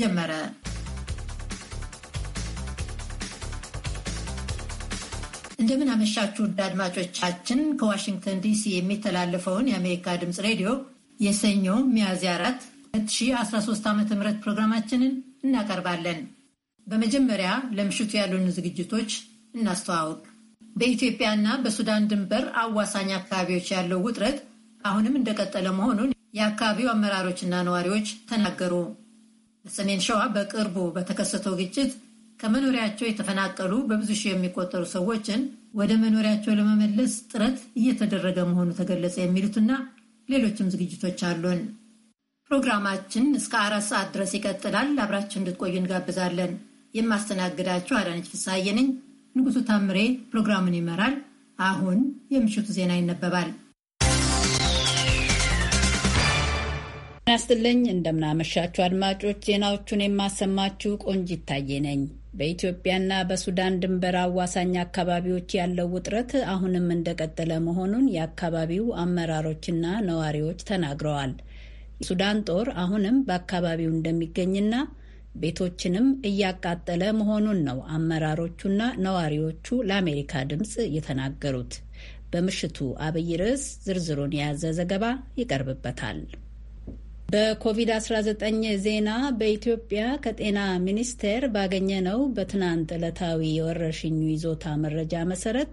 ጀመረ። እንደምን አመሻችሁ ውድ አድማጮቻችን። ከዋሽንግተን ዲሲ የሚተላለፈውን የአሜሪካ ድምፅ ሬዲዮ የሰኞ ሚያዝያ 4 2013 ዓ ም ፕሮግራማችንን እናቀርባለን። በመጀመሪያ ለምሽቱ ያሉን ዝግጅቶች እናስተዋውቅ። በኢትዮጵያና በሱዳን ድንበር አዋሳኝ አካባቢዎች ያለው ውጥረት አሁንም እንደቀጠለ መሆኑን የአካባቢው አመራሮችና ነዋሪዎች ተናገሩ። ሰሜን ሸዋ በቅርቡ በተከሰተው ግጭት ከመኖሪያቸው የተፈናቀሉ በብዙ ሺህ የሚቆጠሩ ሰዎችን ወደ መኖሪያቸው ለመመለስ ጥረት እየተደረገ መሆኑ ተገለጸ። የሚሉትና ሌሎችም ዝግጅቶች አሉን። ፕሮግራማችን እስከ አራት ሰዓት ድረስ ይቀጥላል። አብራችሁ እንድትቆዩ እንጋብዛለን። የማስተናግዳችሁ አዳነች ፍሳዬ ነኝ። ንጉሱ ታምሬ ፕሮግራሙን ይመራል። አሁን የምሽቱ ዜና ይነበባል። ያስትልኝ እንደምናመሻችሁ አድማጮች፣ ዜናዎቹን የማሰማችሁ ቆንጅ ይታየ ነኝ። በኢትዮጵያና በሱዳን ድንበር አዋሳኝ አካባቢዎች ያለው ውጥረት አሁንም እንደቀጠለ መሆኑን የአካባቢው አመራሮችና ነዋሪዎች ተናግረዋል። የሱዳን ጦር አሁንም በአካባቢው እንደሚገኝና ቤቶችንም እያቃጠለ መሆኑን ነው አመራሮቹና ነዋሪዎቹ ለአሜሪካ ድምፅ የተናገሩት። በምሽቱ አብይ ርዕስ ዝርዝሩን የያዘ ዘገባ ይቀርብበታል። በኮቪድ-19 ዜና በኢትዮጵያ ከጤና ሚኒስቴር ባገኘነው በትናንት ዕለታዊ የወረርሽኙ ይዞታ መረጃ መሰረት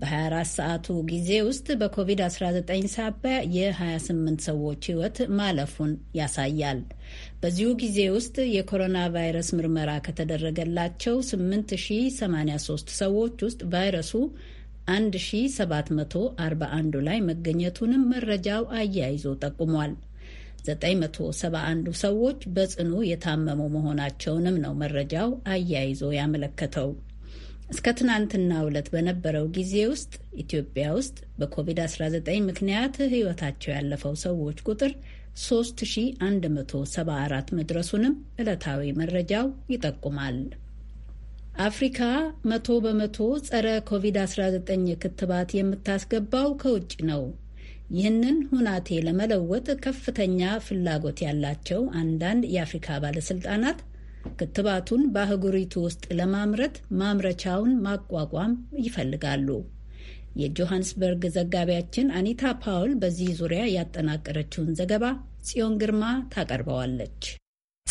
በ24 ሰዓቱ ጊዜ ውስጥ በኮቪድ-19 ሳቢያ የ28 ሰዎች ሕይወት ማለፉን ያሳያል። በዚሁ ጊዜ ውስጥ የኮሮና ቫይረስ ምርመራ ከተደረገላቸው 8083 ሰዎች ውስጥ ቫይረሱ 1741 ላይ መገኘቱንም መረጃው አያይዞ ጠቁሟል። 971ዱ ሰዎች በጽኑ የታመሙ መሆናቸውንም ነው መረጃው አያይዞ ያመለከተው። እስከ ትናንትና ዕለት በነበረው ጊዜ ውስጥ ኢትዮጵያ ውስጥ በኮቪድ-19 ምክንያት ሕይወታቸው ያለፈው ሰዎች ቁጥር 3174 መድረሱንም ዕለታዊ መረጃው ይጠቁማል። አፍሪካ መቶ በመቶ ጸረ ኮቪድ-19 ክትባት የምታስገባው ከውጭ ነው። ይህንን ሁናቴ ለመለወጥ ከፍተኛ ፍላጎት ያላቸው አንዳንድ የአፍሪካ ባለስልጣናት ክትባቱን በአህጉሪቱ ውስጥ ለማምረት ማምረቻውን ማቋቋም ይፈልጋሉ። የጆሃንስበርግ ዘጋቢያችን አኒታ ፓውል በዚህ ዙሪያ ያጠናቀረችውን ዘገባ ጽዮን ግርማ ታቀርበዋለች።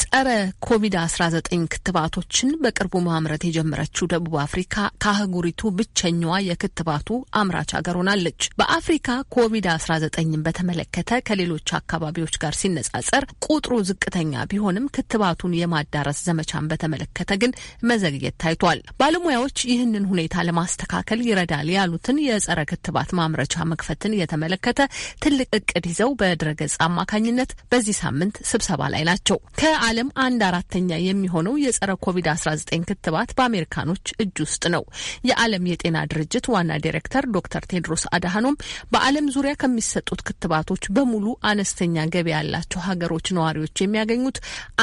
ጸረ ኮቪድ-19 ክትባቶችን በቅርቡ ማምረት የጀመረችው ደቡብ አፍሪካ ከአህጉሪቱ ብቸኛዋ የክትባቱ አምራች ሀገር ሆናለች። በአፍሪካ ኮቪድ-19ን በተመለከተ ከሌሎች አካባቢዎች ጋር ሲነጻጸር ቁጥሩ ዝቅተኛ ቢሆንም ክትባቱን የማዳረስ ዘመቻን በተመለከተ ግን መዘግየት ታይቷል። ባለሙያዎች ይህንን ሁኔታ ለማስተካከል ይረዳል ያሉትን የጸረ ክትባት ማምረቻ መክፈትን የተመለከተ ትልቅ እቅድ ይዘው በድረገጽ አማካኝነት በዚህ ሳምንት ስብሰባ ላይ ናቸው። ከዓለም አንድ አራተኛ የሚሆነው የጸረ ኮቪድ-19 ክትባት በአሜሪካኖች እጅ ውስጥ ነው። የዓለም የጤና ድርጅት ዋና ዲሬክተር ዶክተር ቴድሮስ አድሃኖም በዓለም ዙሪያ ከሚሰጡት ክትባቶች በሙሉ አነስተኛ ገቢ ያላቸው ሀገሮች ነዋሪዎች የሚያገኙት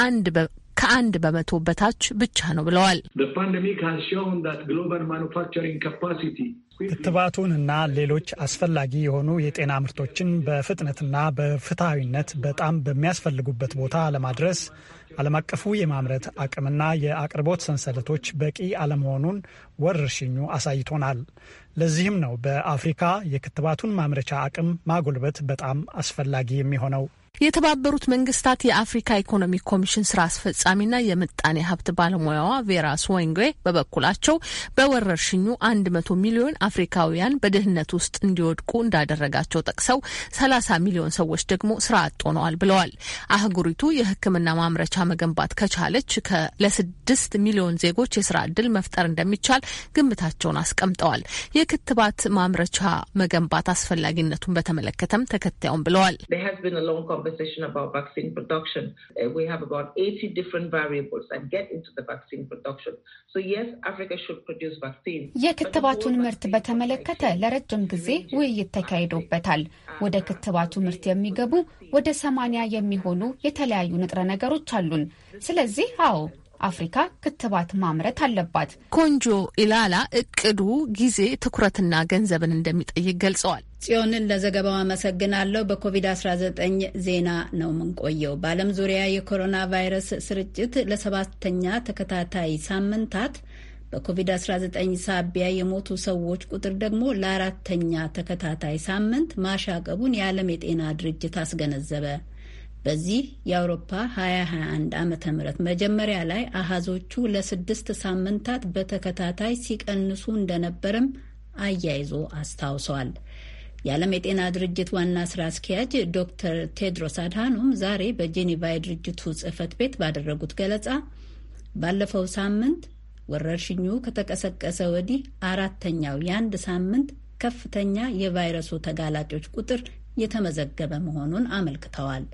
አንድ ከአንድ በመቶ በታች ብቻ ነው ብለዋል። ክትባቱንና ሌሎች አስፈላጊ የሆኑ የጤና ምርቶችን በፍጥነትና በፍትሐዊነት በጣም በሚያስፈልጉበት ቦታ ለማድረስ ዓለም አቀፉ የማምረት አቅምና የአቅርቦት ሰንሰለቶች በቂ አለመሆኑን ወረርሽኙ አሳይቶናል። ለዚህም ነው በአፍሪካ የክትባቱን ማምረቻ አቅም ማጎልበት በጣም አስፈላጊ የሚሆነው። የተባበሩት መንግስታት የአፍሪካ ኢኮኖሚ ኮሚሽን ስራ አስፈጻሚና የምጣኔ ሀብት ባለሙያዋ ቬራ ስወንጌ በበኩላቸው በወረርሽኙ አንድ መቶ ሚሊዮን አፍሪካውያን በድህነት ውስጥ እንዲወድቁ እንዳደረጋቸው ጠቅሰው ሰላሳ ሚሊዮን ሰዎች ደግሞ ስራ አጥ ሆነዋል ብለዋል። አህጉሪቱ የህክምና ማምረቻ መገንባት ከቻለች ለስድስት ሚሊዮን ዜጎች የስራ እድል መፍጠር እንደሚቻል ግምታቸውን አስቀምጠዋል። የክትባት ማምረቻ መገንባት አስፈላጊነቱን በተመለከተም ተከታዩም ብለዋል። conversation about vaccine production. Uh, we have about 80 different variables that get into the vaccine production. So yes, Africa should produce vaccines. የክትባቱን ምርት በተመለከተ ለረጅም ጊዜ ውይይት ተካሂዶበታል። ወደ ክትባቱ ምርት የሚገቡ ወደ ሰማንያ የሚሆኑ የተለያዩ ንጥረ ነገሮች አሉን። ስለዚህ አዎ አፍሪካ ክትባት ማምረት አለባት። ኮንጆ ኢላላ እቅዱ ጊዜ ትኩረትና ገንዘብን እንደሚጠይቅ ገልጸዋል። ጽዮንን ለዘገባው አመሰግናለሁ። በኮቪድ-19 ዜና ነው የምንቆየው። በዓለም ዙሪያ የኮሮና ቫይረስ ስርጭት ለሰባተኛ ተከታታይ ሳምንታት በኮቪድ-19 ሳቢያ የሞቱ ሰዎች ቁጥር ደግሞ ለአራተኛ ተከታታይ ሳምንት ማሻቀቡን የዓለም የጤና ድርጅት አስገነዘበ። በዚህ የአውሮፓ 2021 ዓ ም መጀመሪያ ላይ አሃዞቹ ለስድስት ሳምንታት በተከታታይ ሲቀንሱ እንደነበርም አያይዞ አስታውሰዋል። የዓለም የጤና ድርጅት ዋና ስራ አስኪያጅ ዶክተር ቴድሮስ አድሃኖም ዛሬ በጄኔቫ የድርጅቱ ጽህፈት ቤት ባደረጉት ገለጻ ባለፈው ሳምንት ወረርሽኙ ከተቀሰቀሰ ወዲህ አራተኛው የአንድ ሳምንት ከፍተኛ የቫይረሱ ተጋላጮች ቁጥር የተመዘገበ መሆኑን አመልክተዋል።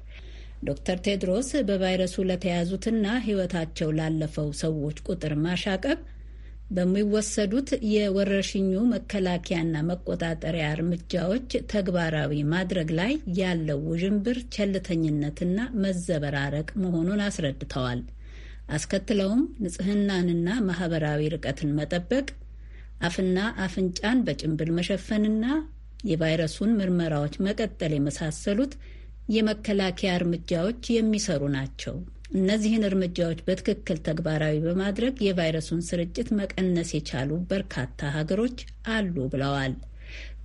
ዶክተር ቴድሮስ በቫይረሱ ለተያዙትና ሕይወታቸው ላለፈው ሰዎች ቁጥር ማሻቀብ በሚወሰዱት የወረርሽኙ መከላከያና መቆጣጠሪያ እርምጃዎች ተግባራዊ ማድረግ ላይ ያለው ውዥንብር ቸልተኝነትና መዘበራረቅ መሆኑን አስረድተዋል። አስከትለውም ንጽህናንና ማህበራዊ ርቀትን መጠበቅ፣ አፍና አፍንጫን በጭንብል መሸፈንና የቫይረሱን ምርመራዎች መቀጠል የመሳሰሉት የመከላከያ እርምጃዎች የሚሰሩ ናቸው። እነዚህን እርምጃዎች በትክክል ተግባራዊ በማድረግ የቫይረሱን ስርጭት መቀነስ የቻሉ በርካታ ሀገሮች አሉ ብለዋል።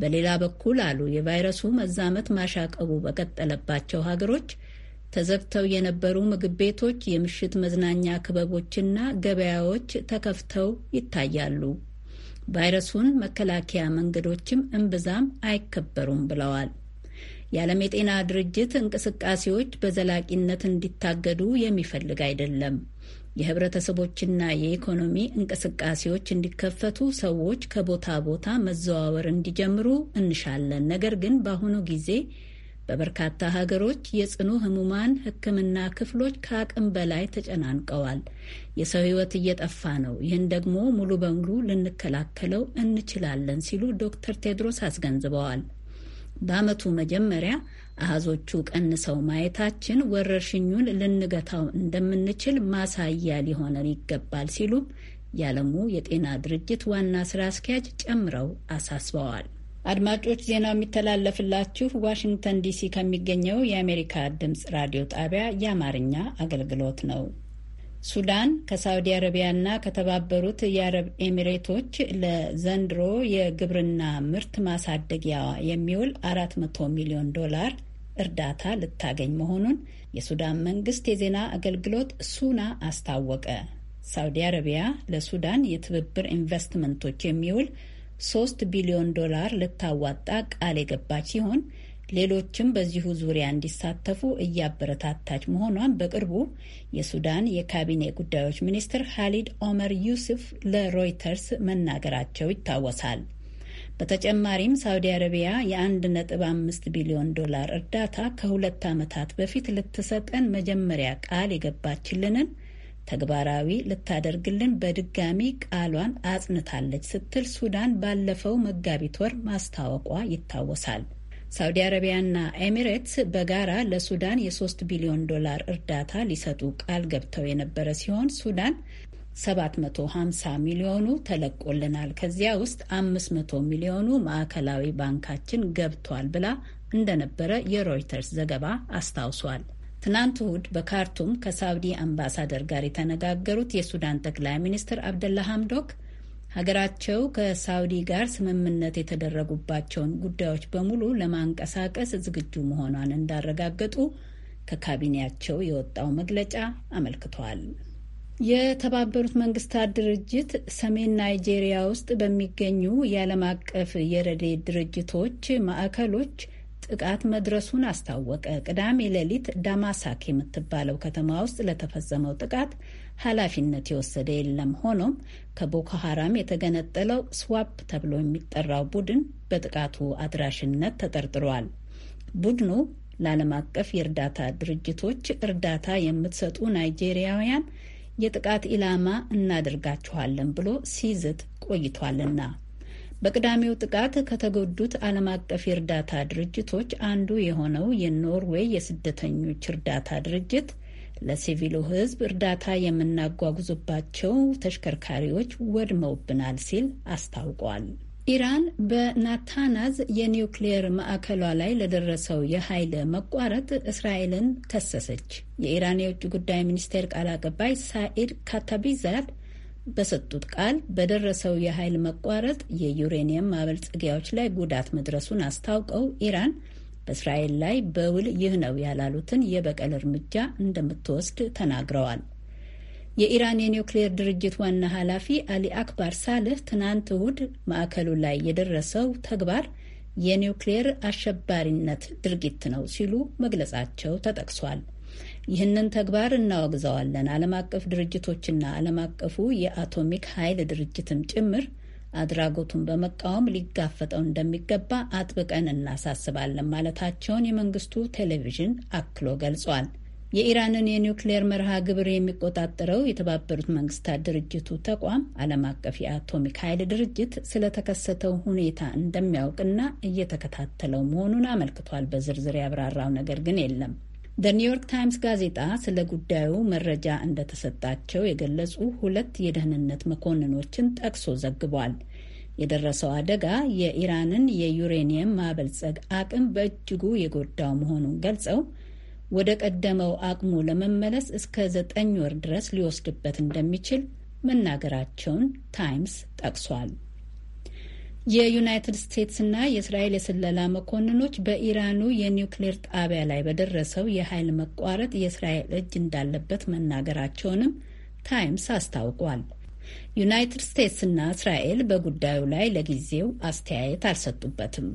በሌላ በኩል አሉ የቫይረሱ መዛመት ማሻቀቡ በቀጠለባቸው ሀገሮች ተዘግተው የነበሩ ምግብ ቤቶች፣ የምሽት መዝናኛ ክበቦችና ገበያዎች ተከፍተው ይታያሉ። ቫይረሱን መከላከያ መንገዶችም እምብዛም አይከበሩም ብለዋል። የዓለም የጤና ድርጅት እንቅስቃሴዎች በዘላቂነት እንዲታገዱ የሚፈልግ አይደለም። የህብረተሰቦችና የኢኮኖሚ እንቅስቃሴዎች እንዲከፈቱ ሰዎች ከቦታ ቦታ መዘዋወር እንዲጀምሩ እንሻለን። ነገር ግን በአሁኑ ጊዜ በበርካታ ሀገሮች የጽኑ ህሙማን ሕክምና ክፍሎች ከአቅም በላይ ተጨናንቀዋል። የሰው ህይወት እየጠፋ ነው። ይህን ደግሞ ሙሉ በሙሉ ልንከላከለው እንችላለን ሲሉ ዶክተር ቴድሮስ አስገንዝበዋል። በዓመቱ መጀመሪያ አሃዞቹ ቀንሰው ማየታችን ወረርሽኙን ልንገታው እንደምንችል ማሳያ ሊሆነን ይገባል ሲሉም የዓለሙ የጤና ድርጅት ዋና ስራ አስኪያጅ ጨምረው አሳስበዋል። አድማጮች ዜናው የሚተላለፍላችሁ ዋሽንግተን ዲሲ ከሚገኘው የአሜሪካ ድምፅ ራዲዮ ጣቢያ የአማርኛ አገልግሎት ነው። ሱዳን ከሳውዲ አረቢያና ከተባበሩት የአረብ ኤሚሬቶች ለዘንድሮ የግብርና ምርት ማሳደጊያዋ የሚውል 400 ሚሊዮን ዶላር እርዳታ ልታገኝ መሆኑን የሱዳን መንግስት የዜና አገልግሎት ሱና አስታወቀ። ሳውዲ አረቢያ ለሱዳን የትብብር ኢንቨስትመንቶች የሚውል ሶስት ቢሊዮን ዶላር ልታዋጣ ቃል የገባች ሲሆን ሌሎችም በዚሁ ዙሪያ እንዲሳተፉ እያበረታታች መሆኗን በቅርቡ የሱዳን የካቢኔ ጉዳዮች ሚኒስትር ሀሊድ ኦመር ዩስፍ ለሮይተርስ መናገራቸው ይታወሳል። በተጨማሪም ሳውዲ አረቢያ የአንድ ነጥብ አምስት ቢሊዮን ዶላር እርዳታ ከሁለት ዓመታት በፊት ልትሰጠን መጀመሪያ ቃል የገባችልንን ተግባራዊ ልታደርግልን በድጋሚ ቃሏን አጽንታለች ስትል ሱዳን ባለፈው መጋቢት ወር ማስታወቋ ይታወሳል። ሳውዲ አረቢያና ኤሚሬትስ በጋራ ለሱዳን የሶስት ቢሊዮን ዶላር እርዳታ ሊሰጡ ቃል ገብተው የነበረ ሲሆን ሱዳን 750 ሚሊዮኑ ተለቆልናል፣ ከዚያ ውስጥ 500 ሚሊዮኑ ማዕከላዊ ባንካችን ገብቷል ብላ እንደነበረ የሮይተርስ ዘገባ አስታውሷል። ትናንት እሁድ በካርቱም ከሳውዲ አምባሳደር ጋር የተነጋገሩት የሱዳን ጠቅላይ ሚኒስትር አብደላ ሀምዶክ ሀገራቸው ከሳውዲ ጋር ስምምነት የተደረጉባቸውን ጉዳዮች በሙሉ ለማንቀሳቀስ ዝግጁ መሆኗን እንዳረጋገጡ ከካቢኔያቸው የወጣው መግለጫ አመልክቷል። የተባበሩት መንግስታት ድርጅት ሰሜን ናይጄሪያ ውስጥ በሚገኙ የዓለም አቀፍ የረድኤት ድርጅቶች ማዕከሎች ጥቃት መድረሱን አስታወቀ። ቅዳሜ ሌሊት ዳማሳክ የምትባለው ከተማ ውስጥ ለተፈጸመው ጥቃት ኃላፊነት የወሰደ የለም። ሆኖም ከቦኮ ሀራም የተገነጠለው ስዋፕ ተብሎ የሚጠራው ቡድን በጥቃቱ አድራሽነት ተጠርጥሯል። ቡድኑ ለዓለም አቀፍ የእርዳታ ድርጅቶች እርዳታ የምትሰጡ ናይጄሪያውያን የጥቃት ኢላማ እናደርጋችኋለን ብሎ ሲዝት ቆይቷልና በቅዳሜው ጥቃት ከተጎዱት ዓለም አቀፍ የእርዳታ ድርጅቶች አንዱ የሆነው የኖርዌይ የስደተኞች እርዳታ ድርጅት ለሲቪሉ ሕዝብ እርዳታ የምናጓጉዙባቸው ተሽከርካሪዎች ወድመውብናል ሲል አስታውቋል። ኢራን በናታናዝ የኒውክሌየር ማዕከሏ ላይ ለደረሰው የኃይል መቋረጥ እስራኤልን ከሰሰች። የኢራን የውጭ ጉዳይ ሚኒስቴር ቃል አቀባይ ሳኢድ ካታቢዛድ በሰጡት ቃል በደረሰው የኃይል መቋረጥ የዩሬኒየም ማበልጸጊያዎች ላይ ጉዳት መድረሱን አስታውቀው ኢራን በእስራኤል ላይ በውል ይህ ነው ያላሉትን የበቀል እርምጃ እንደምትወስድ ተናግረዋል። የኢራን የኒውክሌር ድርጅት ዋና ኃላፊ አሊ አክባር ሳልህ ትናንት እሁድ ማዕከሉ ላይ የደረሰው ተግባር የኒውክሌር አሸባሪነት ድርጊት ነው ሲሉ መግለጻቸው ተጠቅሷል። ይህንን ተግባር እናወግዘዋለን፣ ዓለም አቀፍ ድርጅቶችና ዓለም አቀፉ የአቶሚክ ኃይል ድርጅትም ጭምር አድራጎቱን በመቃወም ሊጋፈጠው እንደሚገባ አጥብቀን እናሳስባለን ማለታቸውን የመንግስቱ ቴሌቪዥን አክሎ ገልጿል። የኢራንን የኒውክሌር መርሃ ግብር የሚቆጣጠረው የተባበሩት መንግስታት ድርጅቱ ተቋም ዓለም አቀፍ የአቶሚክ ኃይል ድርጅት ስለተከሰተው ሁኔታ እንደሚያውቅና እየተከታተለው መሆኑን አመልክቷል። በዝርዝር ያብራራው ነገር ግን የለም። ኒውዮርክ ታይምስ ጋዜጣ ስለ ጉዳዩ መረጃ እንደተሰጣቸው የገለጹ ሁለት የደህንነት መኮንኖችን ጠቅሶ ዘግቧል። የደረሰው አደጋ የኢራንን የዩሬኒየም ማበልጸግ አቅም በእጅጉ የጎዳው መሆኑን ገልጸው ወደ ቀደመው አቅሙ ለመመለስ እስከ ዘጠኝ ወር ድረስ ሊወስድበት እንደሚችል መናገራቸውን ታይምስ ጠቅሷል። የዩናይትድ ስቴትስና የእስራኤል የስለላ መኮንኖች በኢራኑ የኒውክሌር ጣቢያ ላይ በደረሰው የኃይል መቋረጥ የእስራኤል እጅ እንዳለበት መናገራቸውንም ታይምስ አስታውቋል። ዩናይትድ ስቴትስና እስራኤል በጉዳዩ ላይ ለጊዜው አስተያየት አልሰጡበትም።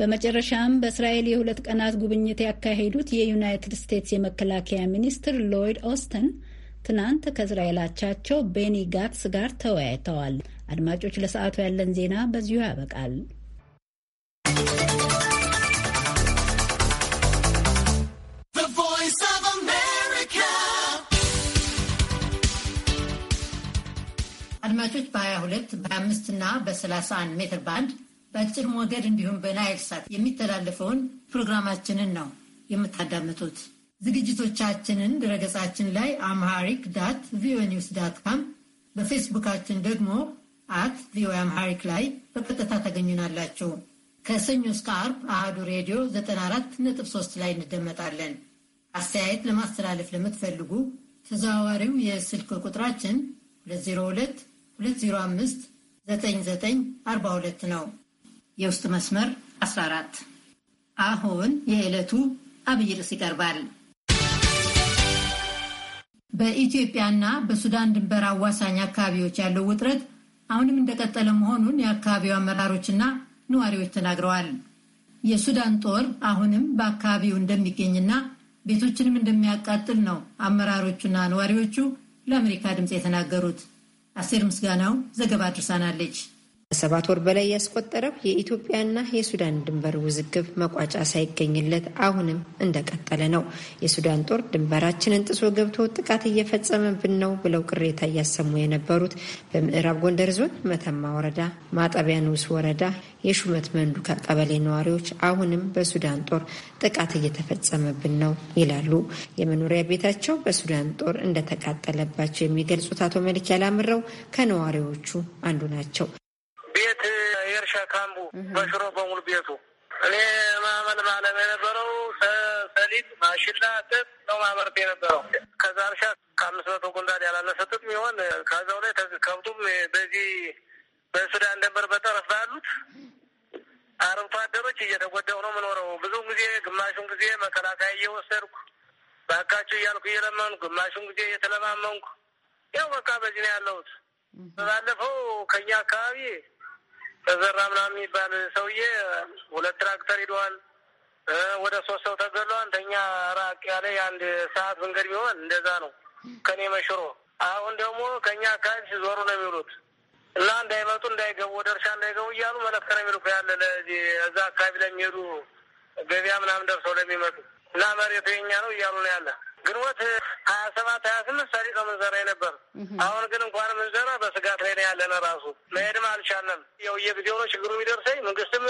በመጨረሻም በእስራኤል የሁለት ቀናት ጉብኝት ያካሄዱት የዩናይትድ ስቴትስ የመከላከያ ሚኒስትር ሎይድ ኦስተን ትናንት ከእስራኤል አቻቸው ቤኒ ጋትስ ጋር ተወያይተዋል። አድማጮች፣ ለሰዓቱ ያለን ዜና በዚሁ ያበቃል። አድማጮች በ22 በ25 እና በ31 ሜትር ባንድ በአጭር ሞገድ እንዲሁም በናይል ሳት የሚተላለፈውን ፕሮግራማችንን ነው የምታዳምጡት። ዝግጅቶቻችንን ድረገጻችን ላይ አምሃሪክ ዳት ቪኦኤ ኒውስ ዳት ካም፣ በፌስቡካችን ደግሞ አት ቪኦኤ አምሃሪክ ላይ በቀጥታ ታገኙናላችሁ። ከሰኞ እስከ አርብ አሃዱ ሬዲዮ 94.3 ላይ እንደመጣለን። አስተያየት ለማስተላለፍ ለምትፈልጉ ተዘዋዋሪው የስልክ ቁጥራችን 2022059942 ነው። የውስጥ መስመር 14። አሁን የዕለቱ አብይ ርዕስ ይቀርባል። በኢትዮጵያና በሱዳን ድንበር አዋሳኝ አካባቢዎች ያለው ውጥረት አሁንም እንደቀጠለ መሆኑን የአካባቢው አመራሮችና ነዋሪዎች ተናግረዋል። የሱዳን ጦር አሁንም በአካባቢው እንደሚገኝና ቤቶችንም እንደሚያቃጥል ነው አመራሮቹና ነዋሪዎቹ ለአሜሪካ ድምፅ የተናገሩት። አሴር ምስጋናው ዘገባ አድርሳናለች። ከሰባት ወር በላይ ያስቆጠረው የኢትዮጵያና የሱዳን ድንበር ውዝግብ መቋጫ ሳይገኝለት አሁንም እንደቀጠለ ነው። የሱዳን ጦር ድንበራችንን ጥሶ ገብቶ ጥቃት እየፈጸመብን ነው ብለው ቅሬታ እያሰሙ የነበሩት በምዕራብ ጎንደር ዞን መተማ ወረዳ ማጠቢያ ንዑስ ወረዳ የሹመት መንዱካ ቀበሌ ነዋሪዎች አሁንም በሱዳን ጦር ጥቃት እየተፈጸመብን ነው ይላሉ። የመኖሪያ ቤታቸው በሱዳን ጦር እንደተቃጠለባቸው የሚገልጹት አቶ መልክ ያላምረው ከነዋሪዎቹ አንዱ ናቸው። ቤት የእርሻ ካምቡ በሽሮ በሙሉ ቤቱ እኔ ማመል ማለም የነበረው ሰሊጥ፣ ማሽላ፣ ጥጥ ነው ማመርት የነበረው። ከዛ እርሻ ከአምስት መቶ ኩንታል ያላነሰ ጥጥ ከዛው ላይ ከብቱም በዚህ በሱዳን ድንበር በጠረፍ ባሉት አርብቶ አደሮች እየተጎዳው ነው የምኖረው። ብዙ ጊዜ ግማሹን ጊዜ መከላከያ እየወሰድኩ ባካችሁ እያልኩ እየለመንኩ፣ ግማሹን ጊዜ እየተለማመንኩ ያው በቃ በዚህ ነው ያለሁት። ባለፈው ከኛ አካባቢ ተዘራ ምናምን የሚባል ሰውዬ ሁለት ትራክተር ሂደዋል። ወደ ሶስት ሰው ተገሏል። አንተኛ ራቅ ያለ የአንድ ሰዓት መንገድ ቢሆን እንደዛ ነው ከኔ መሽሮ። አሁን ደግሞ ከእኛ አካባቢ ሲዞሩ ነው የሚውሉት እና እንዳይመጡ እንዳይገቡ፣ ወደ እርሻ እንዳይገቡ እያሉ መለከት ነው የሚልኩ ያለ ለዚህ እዛ አካባቢ ለሚሄዱ ገበያ ምናምን ደርሰው ለሚመጡ እና መሬቱ የኛ ነው እያሉ ነው ያለ ግንቦት ሀያ ሰባት ሀያ ስምንት ሰሪ ነው ምንዘራ የነበር። አሁን ግን እንኳን ምንዘራ በስጋት ላይ ነው ያለን። ራሱ መሄድም አልቻለም። ያው የጊዜ ሆኖ ችግሩ የሚደርሰኝ። መንግስትም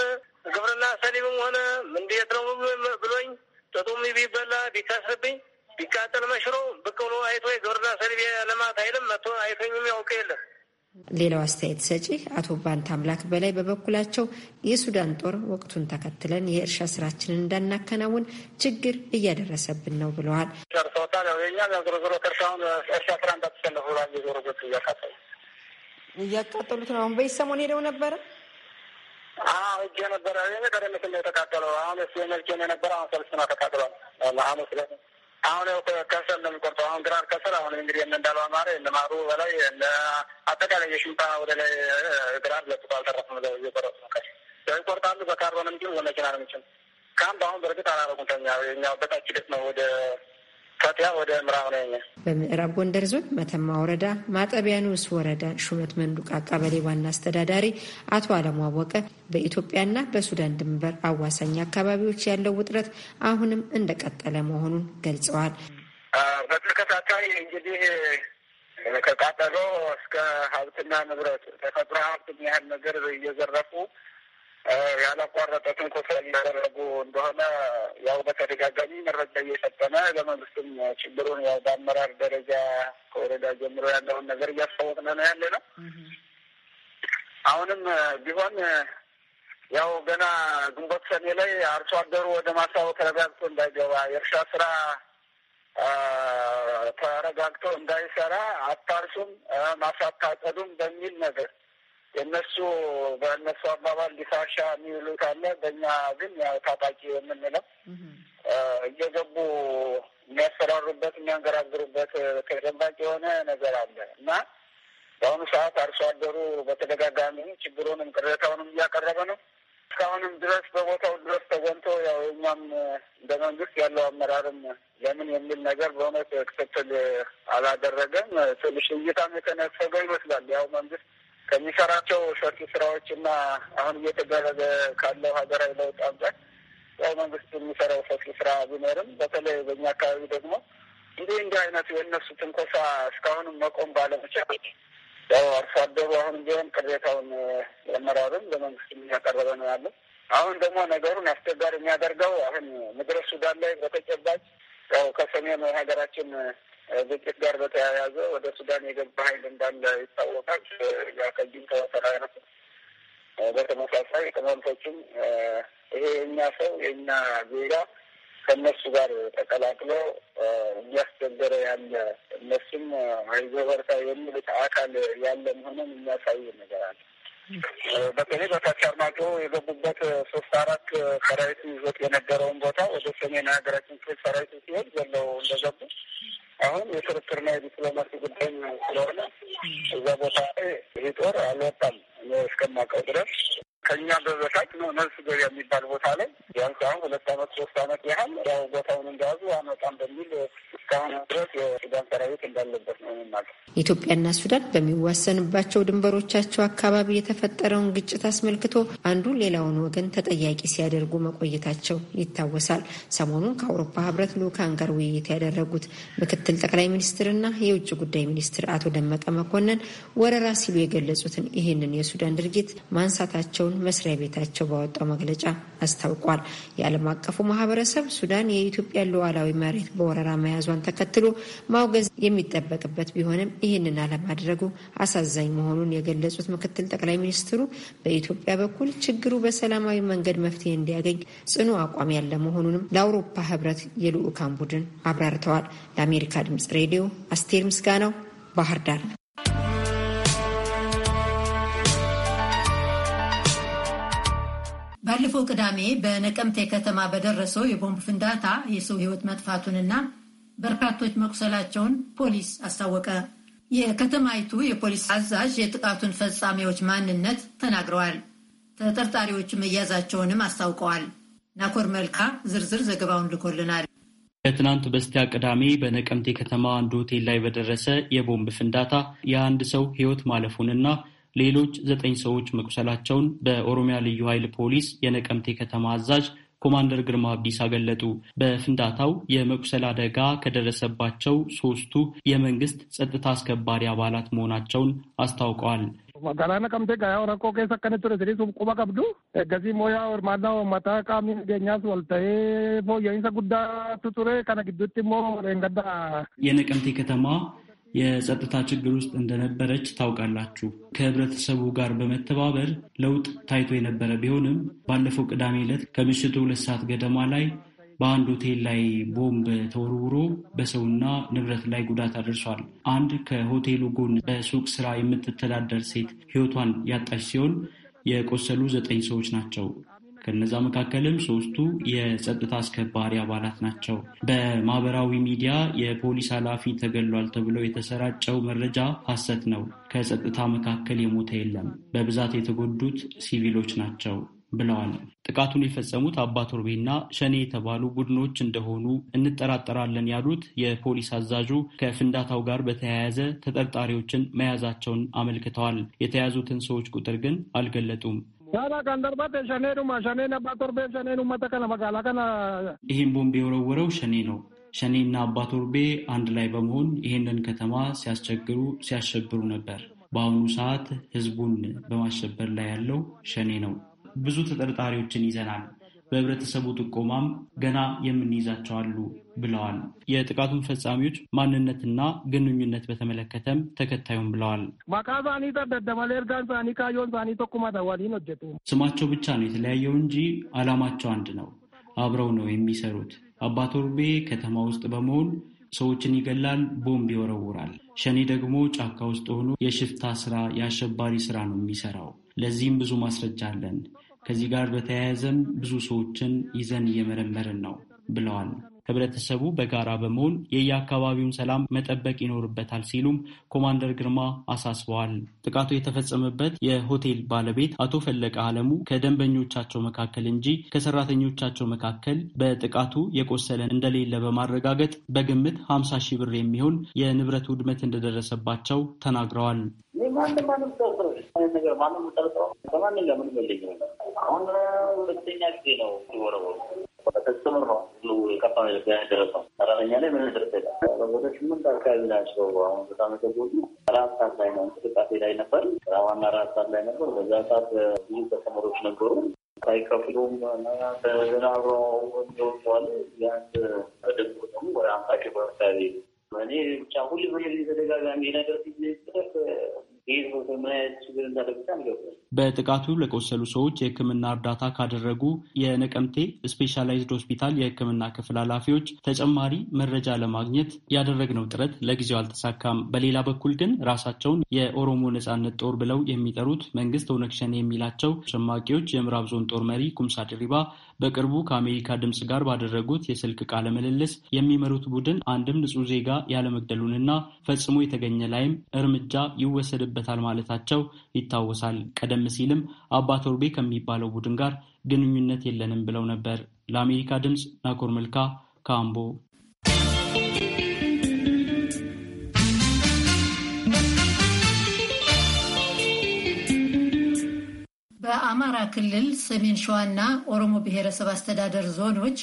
ግብርና ሰሊምም ሆነ እንዴት ነው ብሎኝ ጥጡም ቢበላ ቢከስርብኝ ቢቃጠል መሽሮ ብቅ ብሎ አይቶ የግብርና ሰሊም የልማት አይልም መቶ አይቶኝም ያውቅ የለም ሌላው አስተያየት ሰጪ አቶ ባንት አምላክ በላይ በበኩላቸው የሱዳን ጦር ወቅቱን ተከትለን የእርሻ ስራችንን እንዳናከናውን ችግር እያደረሰብን ነው ብለዋል። እያቃጠሉት ነው። አሁን በይ ሰሞን ሄደው ነበረ እጅ ነበረ ቀደም ሲል ነው የተቃጠለው። አሁን ስ መልኬ የነበረ አሁን ሰልስ ነው ተቃጥሏል። አሁን ያው ከሰል ነው የሚቆርጠው። አሁን ግራር ከሰል አሁን እንግዲህ እንዳለው አማረ እነ ማሩ በላይ እነ አጠቃላይ የሽምታ ወደ ላይ ግራር ለጥቶ አልተረፍም ብለው እየቆረጡ ነው። ከሰል ይቆርጣሉ በካርቦን እንጂ በመኪና ነው የሚችል ካምፕ አሁን በእርግጥ አላረጉም። ተኛ የኛው በታች ሂደት ነው ወደ ፈጢያ ወደ ምዕራብ ነኝ። በምዕራብ ጎንደር ዞን መተማ ወረዳ ማጠቢያ ንዑስ ወረዳ ሹመት መንዱቃ ቀበሌ ዋና አስተዳዳሪ አቶ አለሙ አወቀ በኢትዮጵያና በሱዳን ድንበር አዋሳኝ አካባቢዎች ያለው ውጥረት አሁንም እንደቀጠለ መሆኑን ገልጸዋል። በተከታታይ እንግዲህ ከቃጠሎ እስከ ሀብትና ንብረት ተፈጥሮ ሀብት ያህል ነገር እየዘረፉ ያላቋረጠ ትንኮሳ እያደረጉ እንደሆነ ያው በተደጋጋሚ መረጃ እየሰጠነ ለመንግስትም ችግሩን ያው በአመራር ደረጃ ከወረዳ ጀምሮ ያለውን ነገር እያስታወቅነ ነው ያለ ነው። አሁንም ቢሆን ያው ገና ግንቦት ሰኔ ላይ አርሶ አደሩ ወደ ማሳው ተረጋግቶ እንዳይገባ የእርሻ ስራ ተረጋግቶ እንዳይሰራ አታርሱም፣ ማሳታቀዱም በሚል ነገር የእነሱ በእነሱ አባባል ሊሳሻ የሚውሉት አለ። በእኛ ግን ያው ታጣቂ የምንለው እየገቡ የሚያሰራሩበት የሚያንገራግሩበት ተጨባጭ የሆነ ነገር አለ እና በአሁኑ ሰዓት አርሶ አደሩ በተደጋጋሚ ችግሩንም ቅሬታውንም እያቀረበ ነው። እስካሁንም ድረስ በቦታው ድረስ ተገንቶ ያው የኛም እንደ መንግስት ያለው አመራርም ለምን የሚል ነገር በእውነት ክትትል አላደረገም። ትንሽ እይታም የተነፈገው ይመስላል ያው መንግስት ከሚሰራቸው ሰፊ ስራዎች እና አሁን እየተደረገ ካለው ሀገራዊ ለውጥ አንጻር ያው መንግስት የሚሰራው ሰፊ ስራ ቢኖርም በተለይ በእኛ አካባቢ ደግሞ እንዲህ እንዲህ አይነቱ የእነሱ ትንኮሳ እስካሁንም መቆም ባለመቻል ያው አርሶ አደሩ አሁን ቢሆን ቅሬታውን የአመራሩን ለመንግስት እያቀረበ ነው ያለው። አሁን ደግሞ ነገሩን አስቸጋሪ የሚያደርገው አሁን ምድረ ሱዳን ላይ በተጨባጭ ያው ከሰሜኑ የሀገራችን ግጭት ጋር በተያያዘ ወደ ሱዳን የገባ ኃይል እንዳለ ይታወቃል። ያከጅም አይነት በተመሳሳይ ቅመምቶችም ይሄ የኛ ሰው የኛ ዜጋ ከእነሱ ጋር ተቀላቅሎ እያስቸገረ ያለ እነሱም አይዞህ በርታ አካል ያለ መሆኑን የሚያሳይ ነገር አለ። በተለይ በታች አርማጮ የገቡበት ሶስት አራት ሰራዊቱ ይዞት የነበረውን ቦታ ወደ ሰሜን ሀገራችን ክፍል ሰራዊቱ ሲሄድ ዘለው እንደገቡ አሁን የክርክርና የዲፕሎማሲ ጉዳይ ስለሆነ እዛ ቦታ ይህ ጦር አልወጣም እስከማውቀው ድረስ ከኛ በበታች ነው መልስ ገበያ የሚባል ቦታ ላይ ቢያንስ አሁን ሁለት አመት ሶስት አመት ያህል ያው ቦታውን እንደያዙ አመጣም በሚል እስካሁን ድረስ የሱዳን ሰራዊት እንዳለበት ነው የሚናገር። ኢትዮጵያና ሱዳን በሚዋሰንባቸው ድንበሮቻቸው አካባቢ የተፈጠረውን ግጭት አስመልክቶ አንዱ ሌላውን ወገን ተጠያቂ ሲያደርጉ መቆየታቸው ይታወሳል። ሰሞኑን ከአውሮፓ ህብረት ልኡካን ጋር ውይይት ያደረጉት ምክትል ጠቅላይ ሚኒስትርና የውጭ ጉዳይ ሚኒስትር አቶ ደመቀ መኮንን ወረራ ሲሉ የገለጹትን ይህንን የሱዳን ድርጊት ማንሳታቸውን መስሪያ ቤታቸው ባወጣው መግለጫ አስታውቋል። የዓለም አቀፉ ማህበረሰብ ሱዳን የኢትዮጵያ ሉዓላዊ መሬት በወረራ መያዟን ተከትሎ ማውገዝ የሚጠበቅበት ቢሆንም ይህንን አለማድረጉ አሳዛኝ መሆኑን የገለጹት ምክትል ጠቅላይ ሚኒስትሩ በኢትዮጵያ በኩል ችግሩ በሰላማዊ መንገድ መፍትሄ እንዲያገኝ ጽኑ አቋም ያለ መሆኑንም ለአውሮፓ ህብረት የልዑካን ቡድን አብራርተዋል። ለአሜሪካ ድምጽ ሬዲዮ አስቴር ምስጋናው ባህር ዳር ባለፈው ቅዳሜ በነቀምቴ ከተማ በደረሰው የቦምብ ፍንዳታ የሰው ሕይወት መጥፋቱንና በርካቶች መቁሰላቸውን ፖሊስ አስታወቀ። የከተማይቱ የፖሊስ አዛዥ የጥቃቱን ፈጻሚዎች ማንነት ተናግረዋል። ተጠርጣሪዎቹ መያዛቸውንም አስታውቀዋል። ናኮር መልካ ዝርዝር ዘገባውን ልኮልናል። ከትናንት በስቲያ ቅዳሜ በነቀምቴ ከተማ አንድ ሆቴል ላይ በደረሰ የቦምብ ፍንዳታ የአንድ ሰው ሕይወት ማለፉንና ሌሎች ዘጠኝ ሰዎች መቁሰላቸውን በኦሮሚያ ልዩ ኃይል ፖሊስ የነቀምቴ ከተማ አዛዥ ኮማንደር ግርማ አብዲስ አገለጡ። በፍንዳታው የመቁሰል አደጋ ከደረሰባቸው ሶስቱ የመንግስት ጸጥታ አስከባሪ አባላት መሆናቸውን አስታውቀዋል። ቀምቴ ቀብዱ ገዚ ሞያ ቃሚ ገኛስ ጉዳ ቱቱሬ ከነ ግዱት ሞ ንገዳ የነቀምቴ ከተማ የጸጥታ ችግር ውስጥ እንደነበረች ታውቃላችሁ። ከህብረተሰቡ ጋር በመተባበር ለውጥ ታይቶ የነበረ ቢሆንም ባለፈው ቅዳሜ ዕለት ከምሽቱ ሁለት ሰዓት ገደማ ላይ በአንድ ሆቴል ላይ ቦምብ ተወርውሮ በሰውና ንብረት ላይ ጉዳት አድርሷል። አንድ ከሆቴሉ ጎን በሱቅ ስራ የምትተዳደር ሴት ህይወቷን ያጣች ሲሆን የቆሰሉ ዘጠኝ ሰዎች ናቸው። ከነዛ መካከልም ሶስቱ የጸጥታ አስከባሪ አባላት ናቸው። በማህበራዊ ሚዲያ የፖሊስ ኃላፊ ተገሏል ተብለው የተሰራጨው መረጃ ሐሰት ነው። ከጸጥታ መካከል የሞተ የለም። በብዛት የተጎዱት ሲቪሎች ናቸው ብለዋል። ጥቃቱን የፈጸሙት አባ ቶርቤና ሸኔ የተባሉ ቡድኖች እንደሆኑ እንጠራጠራለን ያሉት የፖሊስ አዛዡ ከፍንዳታው ጋር በተያያዘ ተጠርጣሪዎችን መያዛቸውን አመልክተዋል። የተያዙትን ሰዎች ቁጥር ግን አልገለጡም። Bara kan darbate shaneedhuma shaneen abbaa torbee shaneen uummata kana kana. ቦምብ የወረወረው ሸኔ ነው። ሸኔና አባ አንድ ላይ በመሆን ይህንን ከተማ ሲያስቸግሩ ሲያሸብሩ ነበር። በአሁኑ ሰዓት ህዝቡን በማሸበር ላይ ያለው ሸኔ ነው። ብዙ ተጠርጣሪዎችን ይዘናል። በህብረተሰቡ ጥቆማም ገና የምንይዛቸው አሉ ብለዋል። የጥቃቱን ፈጻሚዎች ማንነትና ግንኙነት በተመለከተም ተከታዩም ብለዋል። ስማቸው ብቻ ነው የተለያየው እንጂ አላማቸው አንድ ነው። አብረው ነው የሚሰሩት። አባቶርቤ ከተማ ውስጥ በመሆን ሰዎችን ይገላል፣ ቦምብ ይወረውራል። ሸኔ ደግሞ ጫካ ውስጥ ሆኖ የሽፍታ ስራ፣ የአሸባሪ ስራ ነው የሚሰራው። ለዚህም ብዙ ማስረጃ አለን። ከዚህ ጋር በተያያዘም ብዙ ሰዎችን ይዘን እየመረመርን ነው ብለዋል። ህብረተሰቡ በጋራ በመሆን የየአካባቢውን ሰላም መጠበቅ ይኖርበታል ሲሉም ኮማንደር ግርማ አሳስበዋል። ጥቃቱ የተፈጸመበት የሆቴል ባለቤት አቶ ፈለቀ አለሙ ከደንበኞቻቸው መካከል እንጂ ከሰራተኞቻቸው መካከል በጥቃቱ የቆሰለ እንደሌለ በማረጋገጥ በግምት ሀምሳ ሺህ ብር የሚሆን የንብረት ውድመት እንደደረሰባቸው ተናግረዋል። ያደረገው ሰራተኛ ላይ ምንም ድርሰት ወደ ስምንት አካባቢ ናቸው። አሁን በጣም የተጎዱ አራት ሰዓት ላይ ነው እንቅስቃሴ ላይ ነበር። ዋና አራት ሰዓት ላይ ነበር። በዛ ሰዓት ብዙ ተሰመሮች ነበሩ። ሳይከፍሉም ገና አብረው ይወዋል። ቢያንስ ደግሞ ወደ አምሳ ሺህ አካባቢ እኔ ብቻ ሁሌ ሁሌ ተደጋጋሚ ነገር በጥቃቱ ለቆሰሉ ሰዎች የሕክምና እርዳታ ካደረጉ የነቀምቴ ስፔሻላይዝድ ሆስፒታል የሕክምና ክፍል ኃላፊዎች ተጨማሪ መረጃ ለማግኘት ያደረግነው ጥረት ለጊዜው አልተሳካም። በሌላ በኩል ግን ራሳቸውን የኦሮሞ ነጻነት ጦር ብለው የሚጠሩት መንግስት ኦነግ ሸኔ የሚላቸው ሸማቂዎች የምዕራብ ዞን ጦር መሪ ኩምሳ ድሪባ በቅርቡ ከአሜሪካ ድምፅ ጋር ባደረጉት የስልክ ቃለ ምልልስ የሚመሩት ቡድን አንድም ንጹህ ዜጋ ያለመግደሉንና ፈጽሞ የተገኘ ላይም እርምጃ ይወሰድበታል ማለታቸው ይታወሳል። ቀደም ሲልም አባ ቶርቤ ከሚባለው ቡድን ጋር ግንኙነት የለንም ብለው ነበር። ለአሜሪካ ድምፅ ናኮር መልካ ካምቦ። በአማራ ክልል ሰሜን ሸዋና ኦሮሞ ብሔረሰብ አስተዳደር ዞኖች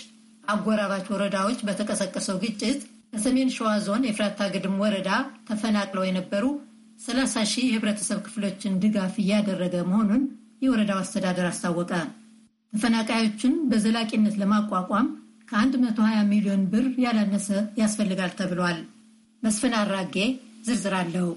አጎራባች ወረዳዎች በተቀሰቀሰው ግጭት ከሰሜን ሸዋ ዞን የፍራታ ግድም ወረዳ ተፈናቅለው የነበሩ 30 ሺህ የህብረተሰብ ክፍሎችን ድጋፍ እያደረገ መሆኑን የወረዳው አስተዳደር አስታወቀ። ተፈናቃዮችን በዘላቂነት ለማቋቋም ከ120 ሚሊዮን ብር ያላነሰ ያስፈልጋል ተብሏል። መስፍን አራጌ ዝርዝር አለው።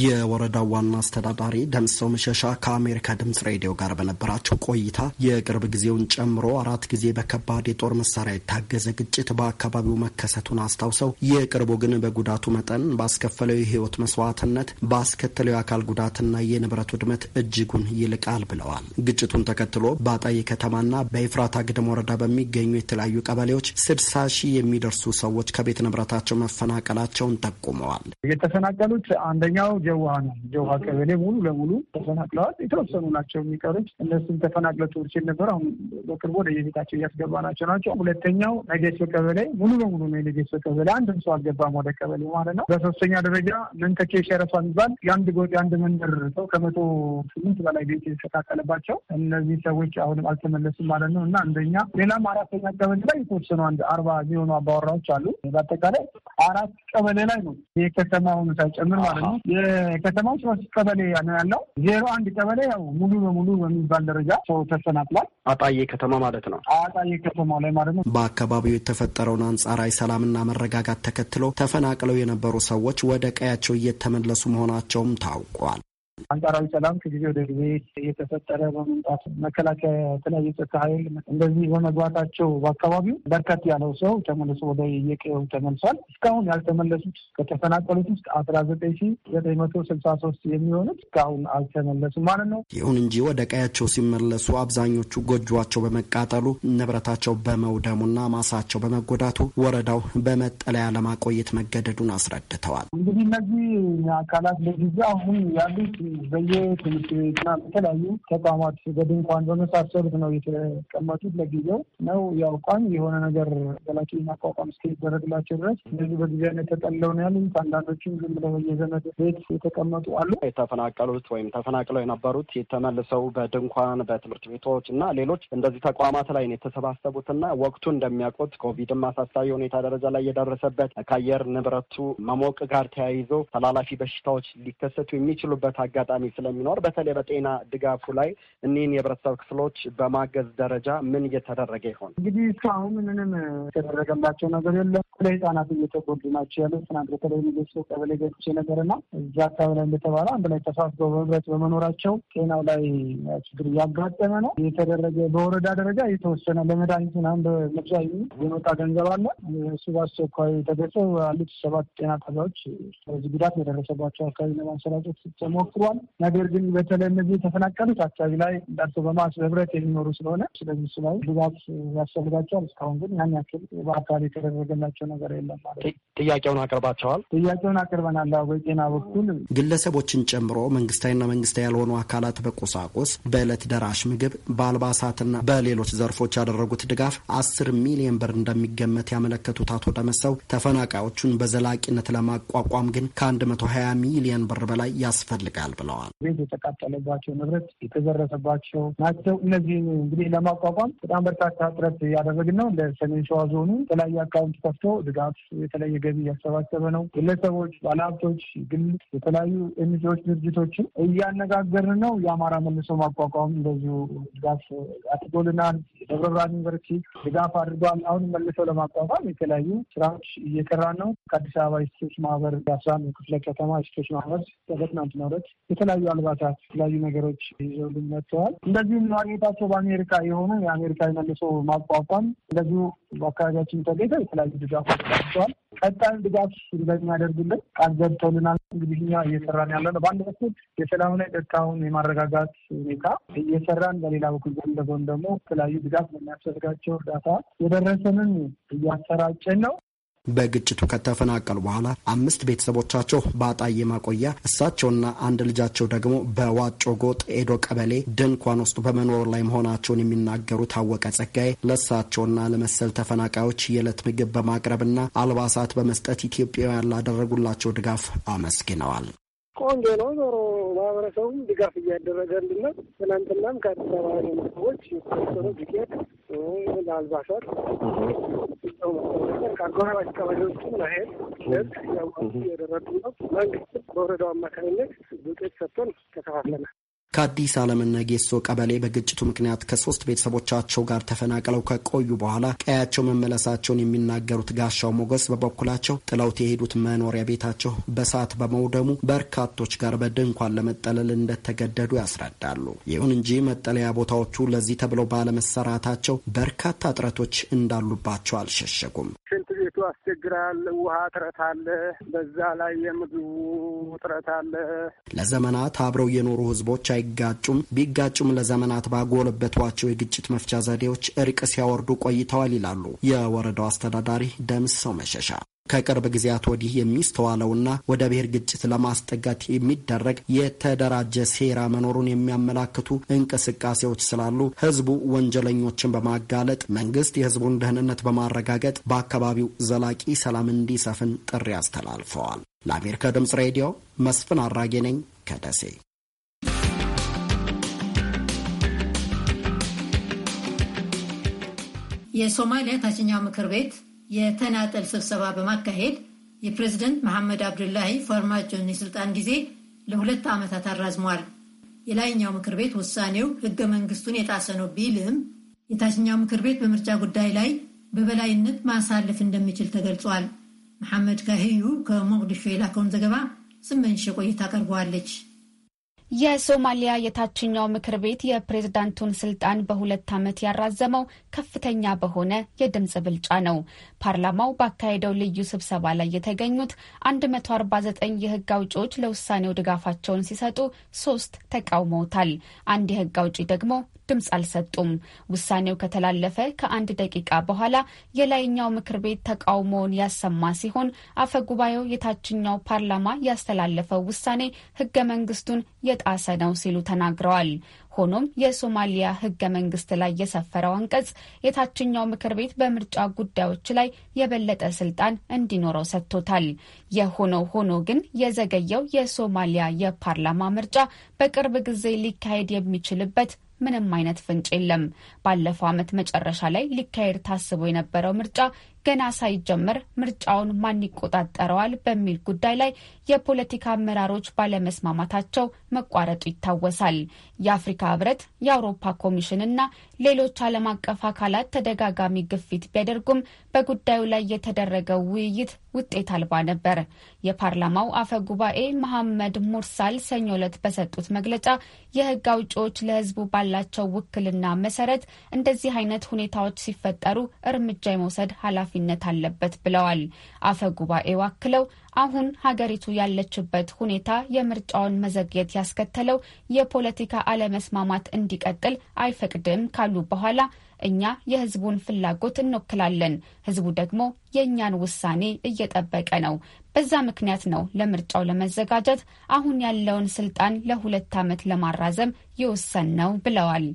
የወረዳው ዋና አስተዳዳሪ ደምሰው መሸሻ ከአሜሪካ ድምጽ ሬዲዮ ጋር በነበራቸው ቆይታ የቅርብ ጊዜውን ጨምሮ አራት ጊዜ በከባድ የጦር መሳሪያ የታገዘ ግጭት በአካባቢው መከሰቱን አስታውሰው የቅርቡ ግን በጉዳቱ መጠን ባስከፈለው የህይወት መስዋዕትነት ባስከተለው የአካል ጉዳትና የንብረት ውድመት እጅጉን ይልቃል ብለዋል። ግጭቱን ተከትሎ በአጣይ ከተማና በኤፍራታ ግድም ወረዳ በሚገኙ የተለያዩ ቀበሌዎች ስድሳ ሺህ የሚደርሱ ሰዎች ከቤት ንብረታቸው መፈናቀላቸውን ጠቁመዋል። የተፈናቀሉት አንደኛው ጀውሃ ነው። ጀውሃ ቀበሌ ሙሉ ለሙሉ ተፈናቅለዋል። የተወሰኑ ናቸው የሚቀሩት። እነሱም ተፈናቅለ ትውልድ ነበር። አሁን በቅርቡ ወደ የቤታቸው እያስገባ ናቸው ናቸው። ሁለተኛው ነጌሶ ቀበሌ ሙሉ በሙሉ ነው። የነጌሶ ቀበሌ አንድም ሰው አልገባም ወደ ቀበሌ ማለት ነው። በሶስተኛ ደረጃ መንተኬ ሸረፋ የሚባል የአንድ ጎጥ የአንድ መንደር ሰው ከመቶ ስምንት በላይ ቤት የተቃጠለባቸው እነዚህ ሰዎች አሁንም አልተመለሱም ማለት ነው እና አንደኛ ሌላም አራተኛ ቀበሌ ላይ የተወሰኑ አንድ አርባ የሚሆኑ አባወራዎች አሉ። በአጠቃላይ አራት ቀበሌ ላይ ነው የከተማውን ሳይጨምር ማለት ነው ከተማው ሶስት ቀበሌ ነው ያለው። ዜሮ አንድ ቀበሌ ያው ሙሉ በሙሉ በሚባል ደረጃ ሰው ተሰናክሏል። አጣዬ ከተማ ማለት ነው። አጣዬ ከተማ ላይ ማለት ነው። በአካባቢው የተፈጠረውን አንጻራዊ ሰላምና መረጋጋት ተከትሎ ተፈናቅለው የነበሩ ሰዎች ወደ ቀያቸው እየተመለሱ መሆናቸውም ታውቋል። አንጻራዊ ሰላም ከጊዜ ወደ ጊዜ እየተፈጠረ በመምጣት መከላከያ የተለያዩ ጸጥታ ኃይል እንደዚህ በመግባታቸው በአካባቢው በርከት ያለው ሰው ተመልሶ ወደ የቀየው ተመልሷል። እስካሁን ያልተመለሱት ከተፈናቀሉት ውስጥ አስራ ዘጠኝ ሺ ዘጠኝ መቶ ስልሳ ሶስት የሚሆኑት እስካሁን አልተመለሱም ማለት ነው። ይሁን እንጂ ወደ ቀያቸው ሲመለሱ አብዛኞቹ ጎጇቸው በመቃጠሉ ንብረታቸው በመውደሙና ማሳቸው በመጎዳቱ ወረዳው በመጠለያ ለማቆየት መገደዱን አስረድተዋል። እንግዲህ እነዚህ አካላት ለጊዜ አሁን ያሉት በየትምህርት ቤትና በተለያዩ ተቋማት በድንኳን በመሳሰሉት ነው የተቀመጡት። ለጊዜው ነው ያው ቋሚ የሆነ ነገር ዘላቂ ማቋቋም እስኪደረግላቸው ድረስ በጊዜ በጊዜያዊነት ተጠልለው ነው ያሉት። አንዳንዶችም ዝም ብለው በየዘመድ ቤት የተቀመጡ አሉ። የተፈናቀሉት ወይም ተፈናቅለው የነበሩት የተመልሰው በድንኳን በትምህርት ቤቶች እና ሌሎች እንደዚህ ተቋማት ላይ ነው እና ወቅቱ እንደሚያውቁት ኮቪድም አሳሳቢ ሁኔታ ደረጃ ላይ የደረሰበት ከአየር ንብረቱ መሞቅ ጋር ተያይዞ ተላላፊ በሽታዎች ሊከሰቱ የሚችሉበት አጋ አጋጣሚ ስለሚኖር በተለይ በጤና ድጋፉ ላይ እኒህን የህብረተሰብ ክፍሎች በማገዝ ደረጃ ምን እየተደረገ ይሆን? እንግዲህ እስካሁን ምንም የተደረገላቸው ነገር የለም። በተለይ ህጻናት እየተጎዱ ናቸው ያሉት ትናንት በተለይ ሚገሶ ቀበሌ ገብቼ ነገር እና እዚ አካባቢ ላይ እንደተባለ አንድ ላይ ተሳስበ በህብረት በመኖራቸው ጤናው ላይ ችግር እያጋጠመ ነው። የተደረገ በወረዳ ደረጃ የተወሰነ ለመድኃኒት ምናምን በመግዣ የመጣ ገንዘብ አለ። እሱ በአስቸኳይ ተገጽ አሉት ሰባት ጤና ጣቢያዎች በዚህ ጉዳት የደረሰባቸው አካባቢ ለማሰራጨት ተሞክሯል። ተደርጓል። ነገር ግን በተለይ እነዚህ የተፈናቀሉት አካባቢ ላይ እንዳልቶ በማስ ህብረት የሚኖሩ ስለሆነ ስለዚህ እሱ ላይ ድጋፍ ያስፈልጋቸዋል። እስካሁን ግን ያን ያክል በአካል የተደረገላቸው ነገር የለም ማለት ነው። ጥያቄውን አቅርባቸዋል። ጥያቄውን አቅርበናል። በጤና በኩል ግለሰቦችን ጨምሮ መንግስታዊና መንግስታዊ ያልሆኑ አካላት በቁሳቁስ፣ በዕለት ደራሽ ምግብ፣ በአልባሳትና በሌሎች ዘርፎች ያደረጉት ድጋፍ አስር ሚሊዮን ብር እንደሚገመት ያመለከቱት አቶ ደመሰው ተፈናቃዮቹን በዘላቂነት ለማቋቋም ግን ከአንድ መቶ ሀያ ሚሊዮን ብር በላይ ያስፈልጋል ይችላል ብለዋል። ቤት የተቃጠለባቸው፣ ንብረት የተዘረፈባቸው ናቸው። እነዚህ እንግዲህ ለማቋቋም በጣም በርካታ ጥረት እያደረግን ነው። ለሰሜን ሸዋ ዞኑ የተለያየ አካውንት ከፍቶ ድጋፍ፣ የተለየ ገቢ እያሰባሰበ ነው። ግለሰቦች፣ ባለሀብቶች፣ ግል የተለያዩ ኤንጂኦች፣ ድርጅቶችን እያነጋገርን ነው። የአማራ መልሶ ማቋቋም እንደዚሁ ድጋፍ አድርጎልናል። ደብረ ብርሃን ዩኒቨርሲቲ ድጋፍ አድርጓል። አሁን መልሰው ለማቋቋም የተለያዩ ስራዎች እየሰራን ነው። ከአዲስ አበባ ሴቶች ማህበር የአስራ አንድ ክፍለ ከተማ ሴቶች ማህበር በትናንትናው ዕለት የተለያዩ አልባሳት፣ የተለያዩ ነገሮች ይዘውልን መጥተዋል። እንደዚሁም ማግኘታቸው በአሜሪካ የሆኑ የአሜሪካ የመልሶ ማቋቋም እንደዚሁ በአካባቢያችን ተገኝተው የተለያዩ ድጋፎች ቸዋል ቀጣይም ድጋፍ እንደሚያደርጉልን ቃል ገብተውልናል። እንግዲህ እኛ እየሰራን ያለ ነው። በአንድ በኩል የሰላምና የጸጥታውን የማረጋጋት ሁኔታ እየሰራን፣ በሌላ በኩል ጎን ለጎን ደግሞ የተለያዩ ድጋፍ የሚያስፈልጋቸው እርዳታ የደረሰንን እያሰራጨን ነው። በግጭቱ ከተፈናቀሉ በኋላ አምስት ቤተሰቦቻቸው በአጣዬ ማቆያ፣ እሳቸውና አንድ ልጃቸው ደግሞ በዋጮ ጎጥ ኤዶ ቀበሌ ድንኳን ውስጥ በመኖር ላይ መሆናቸውን የሚናገሩ ታወቀ ጸጋዬ ለእሳቸውና ለመሰል ተፈናቃዮች የዕለት ምግብ በማቅረብና አልባሳት በመስጠት ኢትዮጵያውያን ላደረጉላቸው ድጋፍ አመስግነዋል። ቆንጆ ነው ዞሮ ማህበረሰቡም ድጋፍ እያደረገልን ነው። ትናንትናም ከአዲስ አበባ የሆኑ ሰዎች የተወሰኑ ዱቄት፣ አልባሳት ከአጎራባች ቀበሌዎችም ናሄድ ደግ ያዋሱ እየደረጉ ነው። መንግስትም በወረዳው አማካኝነት ዱቄት ሰጥቶን ተከፋፍለናል። ከአዲስ ዓለምና ጌሶ ቀበሌ በግጭቱ ምክንያት ከሶስት ቤተሰቦቻቸው ጋር ተፈናቅለው ከቆዩ በኋላ ቀያቸው መመለሳቸውን የሚናገሩት ጋሻው ሞገስ በበኩላቸው ጥለውት የሄዱት መኖሪያ ቤታቸው በሳት በመውደሙ በርካቶች ጋር በድንኳን ለመጠለል እንደተገደዱ ያስረዳሉ። ይሁን እንጂ መጠለያ ቦታዎቹ ለዚህ ተብለው ባለመሰራታቸው በርካታ እጥረቶች እንዳሉባቸው አልሸሸጉም። ሽንት ቤቱ አስቸግራል፣ ውሃ እጥረት አለ፣ በዛ ላይ የምግቡ እጥረት አለ። ለዘመናት አብረው የኖሩ ህዝቦች ሳይጋጩም ቢጋጩም ለዘመናት ባጎለበቷቸው የግጭት መፍቻ ዘዴዎች እርቅ ሲያወርዱ ቆይተዋል ይላሉ የወረዳው አስተዳዳሪ ሰው መሸሻ። ከቅርብ ጊዜያት ወዲህ የሚስተዋለውና ወደ ብሔር ግጭት ለማስጠጋት የሚደረግ የተደራጀ ሴራ መኖሩን የሚያመላክቱ እንቅስቃሴዎች ስላሉ ሕዝቡ ወንጀለኞችን በማጋለጥ መንግስት የሕዝቡን ደህንነት በማረጋገጥ በአካባቢው ዘላቂ ሰላም እንዲሰፍን ጥሪ አስተላልፈዋል። ለአሜሪካ ድምጽ ሬዲዮ መስፍን አራጌ ነኝ ከደሴ። የሶማሊያ ታችኛው ምክር ቤት የተናጠል ስብሰባ በማካሄድ የፕሬዚደንት መሐመድ አብዱላሂ ፋርማጆን የስልጣን ጊዜ ለሁለት ዓመታት አራዝሟል። የላይኛው ምክር ቤት ውሳኔው ህገ መንግስቱን የጣሰ ነው ቢልም የታችኛው ምክር ቤት በምርጫ ጉዳይ ላይ በበላይነት ማሳለፍ እንደሚችል ተገልጿል። መሐመድ ካህዩ ከሞቅዲሾ የላከውን ዘገባ ስመኝሽ ቆይታ ቀርበዋለች። የሶማሊያ የታችኛው ምክር ቤት የፕሬዝዳንቱን ስልጣን በሁለት ዓመት ያራዘመው ከፍተኛ በሆነ የድምፅ ብልጫ ነው። ፓርላማው ባካሄደው ልዩ ስብሰባ ላይ የተገኙት 149 የህግ አውጪዎች ለውሳኔው ድጋፋቸውን ሲሰጡ ሶስት ተቃውመውታል። አንድ የህግ አውጪ ደግሞ ድምፅ አልሰጡም። ውሳኔው ከተላለፈ ከአንድ ደቂቃ በኋላ የላይኛው ምክር ቤት ተቃውሞውን ያሰማ ሲሆን አፈ ጉባኤው የታችኛው ፓርላማ ያስተላለፈው ውሳኔ ህገ መንግስቱን የጣሰ ነው ሲሉ ተናግረዋል። ሆኖም የሶማሊያ ሕገ መንግስት ላይ የሰፈረው አንቀጽ የታችኛው ምክር ቤት በምርጫ ጉዳዮች ላይ የበለጠ ስልጣን እንዲኖረው ሰጥቶታል። የሆነው ሆኖ ግን የዘገየው የሶማሊያ የፓርላማ ምርጫ በቅርብ ጊዜ ሊካሄድ የሚችልበት ምንም አይነት ፍንጭ የለም። ባለፈው ዓመት መጨረሻ ላይ ሊካሄድ ታስቦ የነበረው ምርጫ ገና ሳይጀምር ምርጫውን ማን ይቆጣጠረዋል በሚል ጉዳይ ላይ የፖለቲካ አመራሮች ባለመስማማታቸው መቋረጡ ይታወሳል። የአፍሪካ ህብረት፣ የአውሮፓ ኮሚሽን እና ሌሎች ዓለም አቀፍ አካላት ተደጋጋሚ ግፊት ቢያደርጉም በጉዳዩ ላይ የተደረገው ውይይት ውጤት አልባ ነበር። የፓርላማው አፈ ጉባኤ መሐመድ ሙርሳል ሰኞ ዕለት በሰጡት መግለጫ የህግ አውጪዎች ለህዝቡ ባላቸው ውክልና መሰረት እንደዚህ አይነት ሁኔታዎች ሲፈጠሩ እርምጃ የመውሰድ ኃላፊ ኃላፊነት አለበት ብለዋል። አፈ ጉባኤው አክለው አሁን ሀገሪቱ ያለችበት ሁኔታ የምርጫውን መዘግየት ያስከተለው የፖለቲካ አለመስማማት እንዲቀጥል አይፈቅድም ካሉ በኋላ እኛ የህዝቡን ፍላጎት እንወክላለን፣ ህዝቡ ደግሞ የእኛን ውሳኔ እየጠበቀ ነው። በዛ ምክንያት ነው ለምርጫው ለመዘጋጀት አሁን ያለውን ስልጣን ለሁለት ዓመት ለማራዘም የወሰን ነው ብለዋል።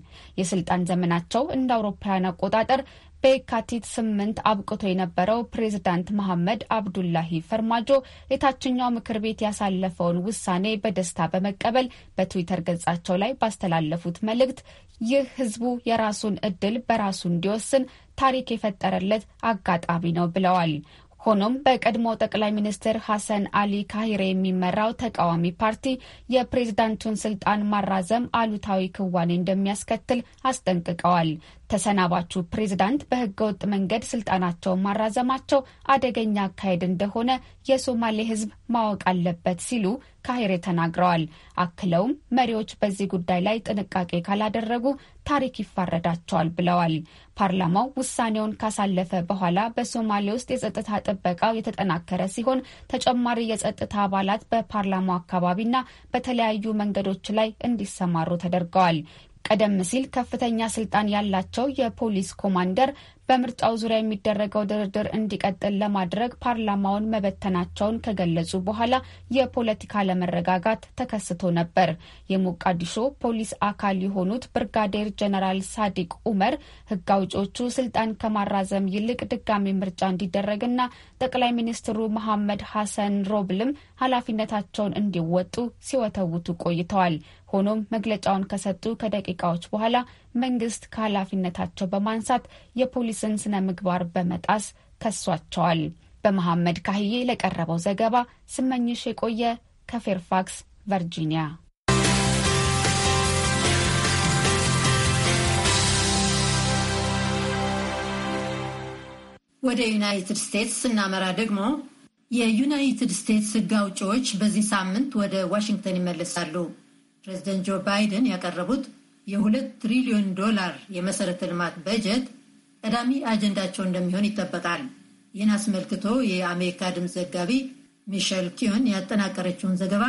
የስልጣን ዘመናቸው እንደ አውሮፓውያን አቆጣጠር በየካቲት ስምንት አብቅቶ የነበረው ፕሬዝዳንት መሐመድ አብዱላሂ ፈርማጆ የታችኛው ምክር ቤት ያሳለፈውን ውሳኔ በደስታ በመቀበል በትዊተር ገጻቸው ላይ ባስተላለፉት መልእክት ይህ ህዝቡ የራሱን እድል በራሱ እንዲወስን ታሪክ የፈጠረለት አጋጣሚ ነው ብለዋል። ሆኖም በቀድሞ ጠቅላይ ሚኒስትር ሐሰን አሊ ካሂሬ የሚመራው ተቃዋሚ ፓርቲ የፕሬዝዳንቱን ስልጣን ማራዘም አሉታዊ ክዋኔ እንደሚያስከትል አስጠንቅቀዋል። ተሰናባቹ ፕሬዝዳንት በህገወጥ መንገድ ስልጣናቸውን ማራዘማቸው አደገኛ አካሄድ እንደሆነ የሶማሌ ህዝብ ማወቅ አለበት ሲሉ ካሄሬ ተናግረዋል። አክለውም መሪዎች በዚህ ጉዳይ ላይ ጥንቃቄ ካላደረጉ ታሪክ ይፋረዳቸዋል ብለዋል። ፓርላማው ውሳኔውን ካሳለፈ በኋላ በሶማሌ ውስጥ የጸጥታ ጥበቃው የተጠናከረ ሲሆን ተጨማሪ የጸጥታ አባላት በፓርላማው አካባቢና በተለያዩ መንገዶች ላይ እንዲሰማሩ ተደርገዋል። ቀደም ሲል ከፍተኛ ስልጣን ያላቸው የፖሊስ ኮማንደር በምርጫው ዙሪያ የሚደረገው ድርድር እንዲቀጥል ለማድረግ ፓርላማውን መበተናቸውን ከገለጹ በኋላ የፖለቲካ ለመረጋጋት ተከስቶ ነበር። የሞቃዲሾ ፖሊስ አካል የሆኑት ብርጋዴር ጀነራል ሳዲቅ ኡመር ህግ አውጪዎቹ ስልጣን ከማራዘም ይልቅ ድጋሚ ምርጫ እንዲደረግና ጠቅላይ ሚኒስትሩ መሐመድ ሐሰን ሮብልም ኃላፊነታቸውን እንዲወጡ ሲወተውቱ ቆይተዋል። ሆኖም መግለጫውን ከሰጡ ከደቂቃዎች በኋላ መንግስት ከኃላፊነታቸው በማንሳት የፖሊስን ስነ ምግባር በመጣስ ከሷቸዋል። በመሐመድ ካህዬ ለቀረበው ዘገባ ስመኝሽ የቆየ ከፌርፋክስ ቨርጂኒያ። ወደ ዩናይትድ ስቴትስ ስናመራ ደግሞ የዩናይትድ ስቴትስ ሕግ አውጪዎች በዚህ ሳምንት ወደ ዋሽንግተን ይመለሳሉ። ፕሬዚደንት ጆ ባይደን ያቀረቡት የሁለት ትሪሊዮን ዶላር የመሰረተ ልማት በጀት ቀዳሚ አጀንዳቸው እንደሚሆን ይጠበቃል። ይህን አስመልክቶ የአሜሪካ ድምፅ ዘጋቢ ሚሸል ኪዮን ያጠናቀረችውን ዘገባ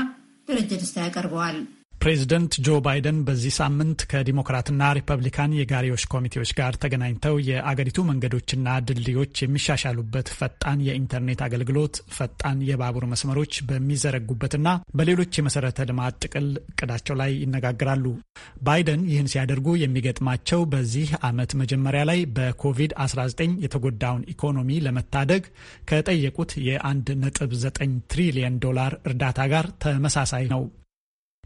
ደረጀ ደስታ ያቀርበዋል። ፕሬዚደንት ጆ ባይደን በዚህ ሳምንት ከዲሞክራትና ሪፐብሊካን የጋሪዎች ኮሚቴዎች ጋር ተገናኝተው የአገሪቱ መንገዶችና ድልድዮች የሚሻሻሉበት ፈጣን የኢንተርኔት አገልግሎት፣ ፈጣን የባቡር መስመሮች በሚዘረጉበትና በሌሎች የመሰረተ ልማት ጥቅል እቅዳቸው ላይ ይነጋግራሉ። ባይደን ይህን ሲያደርጉ የሚገጥማቸው በዚህ ዓመት መጀመሪያ ላይ በኮቪድ-19 የተጎዳውን ኢኮኖሚ ለመታደግ ከጠየቁት የ1.9 ትሪሊየን ዶላር እርዳታ ጋር ተመሳሳይ ነው።